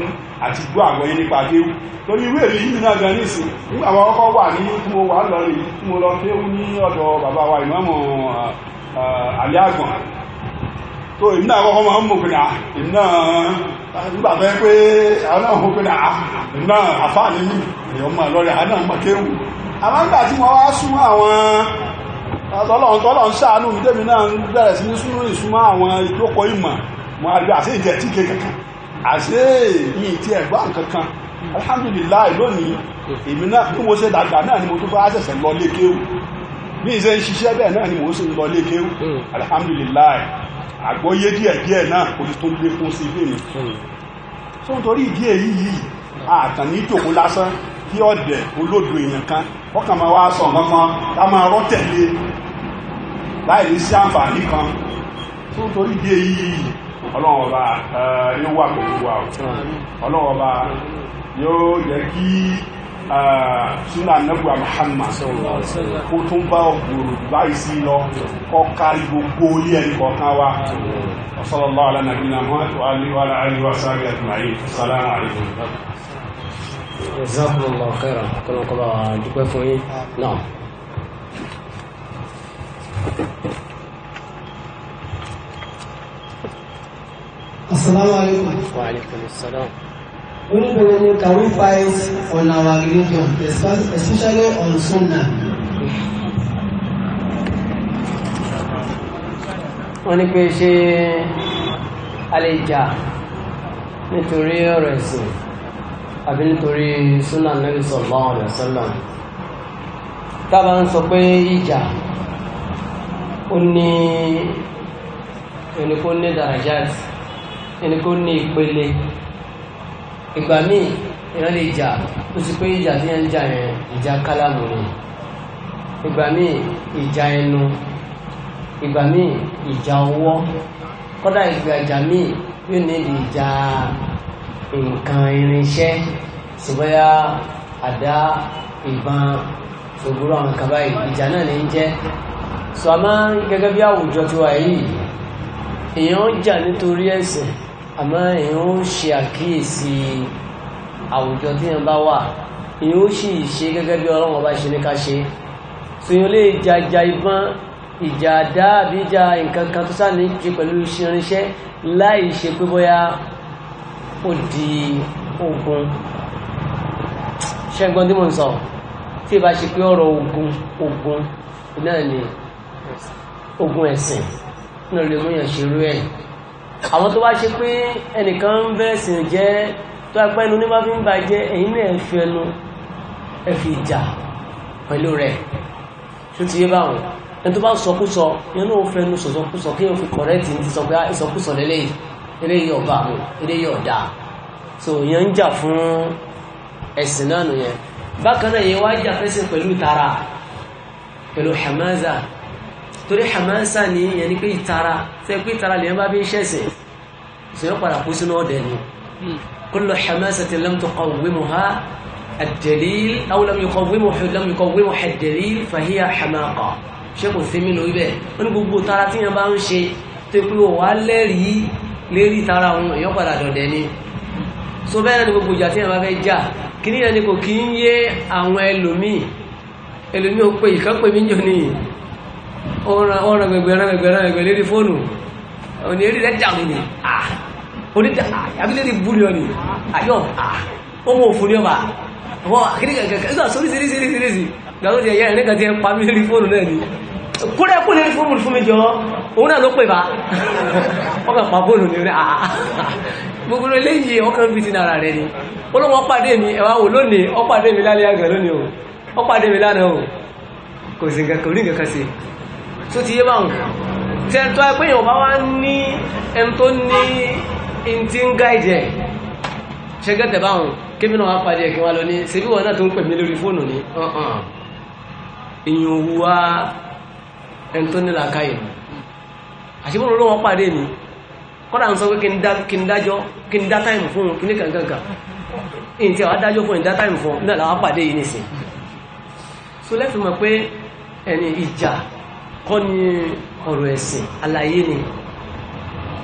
àti gbọ́ àwọn yẹn nípa déwù lórí ìwé èyí yìí náà gan nísìn nígbà wọn kọ́kọ́ wà ní tí mo wà lọ rí tí mo lọ déwù ní ọ̀dọ̀ bàbá wa ìmọ̀mọ̀ àlẹ́ àgbọ̀n tó èmi náà kọ́kọ́ máa ń mọ̀ pé náà èmi náà nígbà fẹ́ pé àwọn náà mọ̀ pé náà èmi náà àfáà ní mí èèyàn máa lọ rí àwọn náà mọ̀ kéwù àmọ́ nígbà tí wọ́n ọlọ́run tọ́lọ́run ṣàánú mi débi náà ń bẹ̀rẹ̀ sí ní súnú ìsúnmọ́ àwọn ìjókòó ìmọ̀ mo àgbẹ̀ àṣẹ ìjẹ́ tí ké kankan àṣẹ mi ti ẹ̀gbọ́n kankan alhamdulilayi lónìí èmi náà bí mo ṣe dàgbà náà ni mo tún bá ṣẹ̀ṣẹ̀ lọ lékéwù bí ìṣe ń ṣiṣẹ́ bẹ́ẹ̀ náà ni mo ṣe ń lọ lékéwù hmm. alhamdulilayi àgbọ́yé díẹ̀ díẹ̀ náà kò tó lé fún sí bí mi tó ń torí ìdí èyí yìí àtàn ní ìjòkó lásán kí ọ̀dẹ̀ olódò èèyàn kan ọkàn máa wá sọ nǹkan kan ká máa rọ́ láì ní sí àǹfààní kan tó ń torí bí èyí ọlọ́run ọba yóò wà pẹ̀lú wa ọlọ́run ọba yóò jẹ́ kí suna anagba Muhammad kó tó ń bá ọ̀gbòrò báyìí sí lọ kọ́ kárí gbogbo orí ẹni kọ̀ọ̀kan wa sallallahu ala nabina Muhammad wa alihi wa alihi wa sahbihi ajma'in assalamu alaykum jazakumullahu khairan kọ́nà kọ́ba dúpẹ́ fún yín náà. Assalamu alaikum. Wa alaikum assalam. When can we fight on our religion, especially on Sunnah? Wọ́n ní pé ṣé a lè jà nítorí ọ̀rọ̀ ẹ̀sìn àbí nítorí Sunnah Nabi sallallahu alaihi wasallam. Tábà ń sọ pé ìjà ó ní ẹni kó ní dàrájáàtì ẹni kó ní ìpele ìgbà míì ìran lè jà ó sì pé ìjà tí yẹn ń jà yẹn ìjà kálámù ni ìgbà míì ìjà ẹnu ìgbà míì ìjà ọwọ́ kódà ìgbà ìjà míì yóò ní ìjà nǹkan irinṣẹ́ ṣùgbọ́yà àdá ìbọn ṣògbúrò àwọn kan ìjà náà ní í jẹ́ sọ àmọ́ gẹ́gẹ́ bí àwùjọ tiwa yìí èèyàn ń jà nítorí ẹ̀sìn àmọ́ èyàn ó ṣe àkíyèsí àwùjọ tí èyàn bá wà èyàn ó sì ṣe gẹ́gẹ́ bí ọlọ́run ọba ṣe ní ká ṣe so èyàn lè jaja ìbọn ìjà àdá àbí ìjà nǹkan kan tó sáà ní ṣe pẹ̀lú irinṣẹ́ láì ṣe pé bóyá ó di ogun ṣẹ́gbọ́n tí mo ń sọ tí ìbá ṣe pé ọ̀rọ̀ ogun ogun náà ni ogun ẹ̀sìn náà lè mú yàn ṣerú ẹ̀ àwọn tó bá ṣe pé ẹnìkan ń bẹ́ sìn jẹ́ tó apẹ́ inú ní bá fi ń ba jẹ́ ẹ̀yin náà fi ẹnu ẹ fi jà pẹ̀lú rẹ̀ tó ti yé báwọn ẹni tó bá sọkúsọ yẹn náà fẹ́ nu kí yẹn fi ti sọ pé ah, ìsọkúsọ lélẹ́yìí eléyìí ọba àwọn eléyìí ọ̀dà so yẹn ń jà fún ẹ̀sìn náà nìyẹn bákan náà yẹn wá jà fẹ́sìn pẹ̀lú tara pẹ̀lú hamaza torí hamasa ni yẹn ni pé ìtara tẹ́ pé ìtara lèyàn bá bí ṣẹ̀sìn ìṣẹ̀yọ́ padà kú sínú ọ̀dẹ̀ ni hmm. kullu hamasatin lam tuqawwimha ad-dalil aw lam yuqawwimhu lam yuqawwimha ad-dalil fa hiya hamaqa ṣé kò sí mi lórí bẹ́ẹ̀ ó ní gbogbo tara tí yẹn bá ń ṣe tó pé wọ́n wá lẹ́rìí lérí tara òun èèyàn padà dọ̀dẹ̀ ni so bẹ́ẹ̀ ni gbogbo ìjà tí yẹn fẹ́ jà kí ni yẹn kò kí ń yé àwọn ẹlòmíì ẹlòmíì ó pè ìkán mí jò níyì ọ̀ràn gbẹ̀gbẹ̀ ọ̀ràn gbẹ̀gbẹ̀ ọ̀ràn gbẹ̀gbẹ̀ lérí fóònù òní eré rẹ̀ dàrú ni onídà àbílẹ̀rì búrí ọ ni àyọ̀ ọmọ òfúrí ọba ọmọ akíníkàkà ìgbà sórí sírí sírí sírí sí gbàgbọ́ ti ẹ̀yà rẹ̀ nígbà ti ẹ̀ pa mí lérí fóònù náà ni kúrẹ́ kú lérí fóònù fún mi jọ òun náà ló pè bá ọkàn pa fóònù ni rẹ̀ gbogbo eléyìí ọkàn fi ti nara rẹ̀ ni olóhùn ọpàdé mi ẹ̀wà wò lónìí ọpàdé mi lálẹ́ àgbẹ̀ lónìí o ọpàdé mi lánàá o kò sí nǹkan kò ní nǹkan kan sí i tó ti yé báwọn tẹ́ntọ́ ẹ pé èèyàn bá wá ní ẹni tó ní in ti ń gáìdì ẹ̀ ṣẹ́gẹ́tẹ̀ báwọn kébìnà wá pàdé ẹ̀kí wá lọ ní ṣebí wọn náà tó ń pè mí lórí fóònù ní ọ̀hàn èèyàn wá ẹni tó ní làákàyè àṣìbọ̀n ló wọ́n pàdé mi kọ́dà ń sọ pé kí n dájọ́ kí n dá táìmù fún kí ní kankankan ìyìn tí àwọn adájọ́ fún ìdá táìmù fún náà làwọn pàdé yìí nìsín so lẹ́fì pé ẹni ìjà kọ́ ni ọ̀rọ̀ ẹ̀sìn àlàyé ni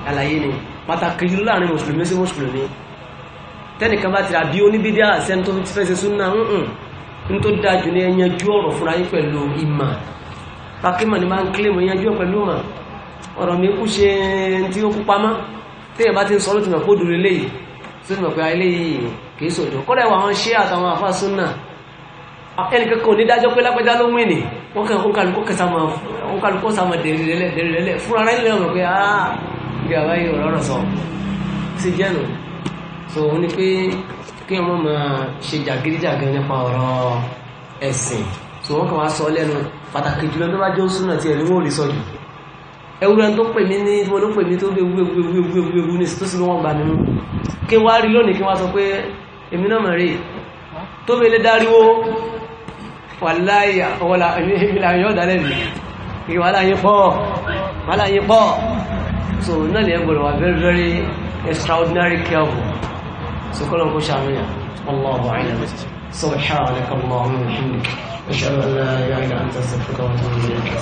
àlàyé ni pàtàkì jùlọ láàrin mùsùlùmí sí mùsùlùmí tẹ́nìkan bá ti rà bí oníbídí àṣẹ tó ti fẹ́ ṣe súnà ń tó dájú ní ẹyanjú ọ̀rọ̀ fúnra yín pẹ̀lú ìmà pàkímọ̀ ni máa ń kílèmù ẹyanjú pẹ̀lú ìmà ọ̀rọ̀ mi kú ṣe tí ó kú pamọ́ tẹ́yẹ̀ bá ti ń sọ ló ti mọ̀ kó dúró léyìí tó ti mọ̀ pé eléyìí kì sòdò kọ́dà ìwà àwọn ṣé àtàwọn àfáà súnà ẹnìkan kò ní dájọ́ pé lágbẹ́dá ló mú ìní wọ́n kàn kókàlùkọ́ sàmà dèrèlẹ̀ dèrèlẹ̀ fún ara ilẹ̀ ọmọ pé àà ah, bí àbá yìí ọ̀rọ̀ sọ sí jẹ́nu so ó ní pé kí wọ́n máa ṣe jàgídíjàgan nípa ọ̀rọ̀ ẹ̀sìn so wọ́n kàn wá sọ lẹ́nu pàtàkì jùlọ tó bá jẹ́ súnà tí ẹ̀rí wọ́n ò lè sọ jù ẹwúrẹ́ tó pè mí ní tí mo ló pè mí tó wéwéwéwéwéwé ní tó sì wọ́n gbà nínú kí wá rí lónìí kí wá sọ pé èmi náà mọ̀ rí tó fi lè dáríwó wallahi ọ̀la ìlà yọ́ dalẹ̀ mi kí wàhálà yín pọ̀ wàhálà yín pọ̀ so náà lè gbọ́dọ̀ wà very very extraordinary careful so kọ́lọ̀ kó ṣàmìyàn wallahu a'lam subhanaka allahumma wa bihamdika ashhadu an la ilaha illa anta astaghfiruka wa atubu ilayk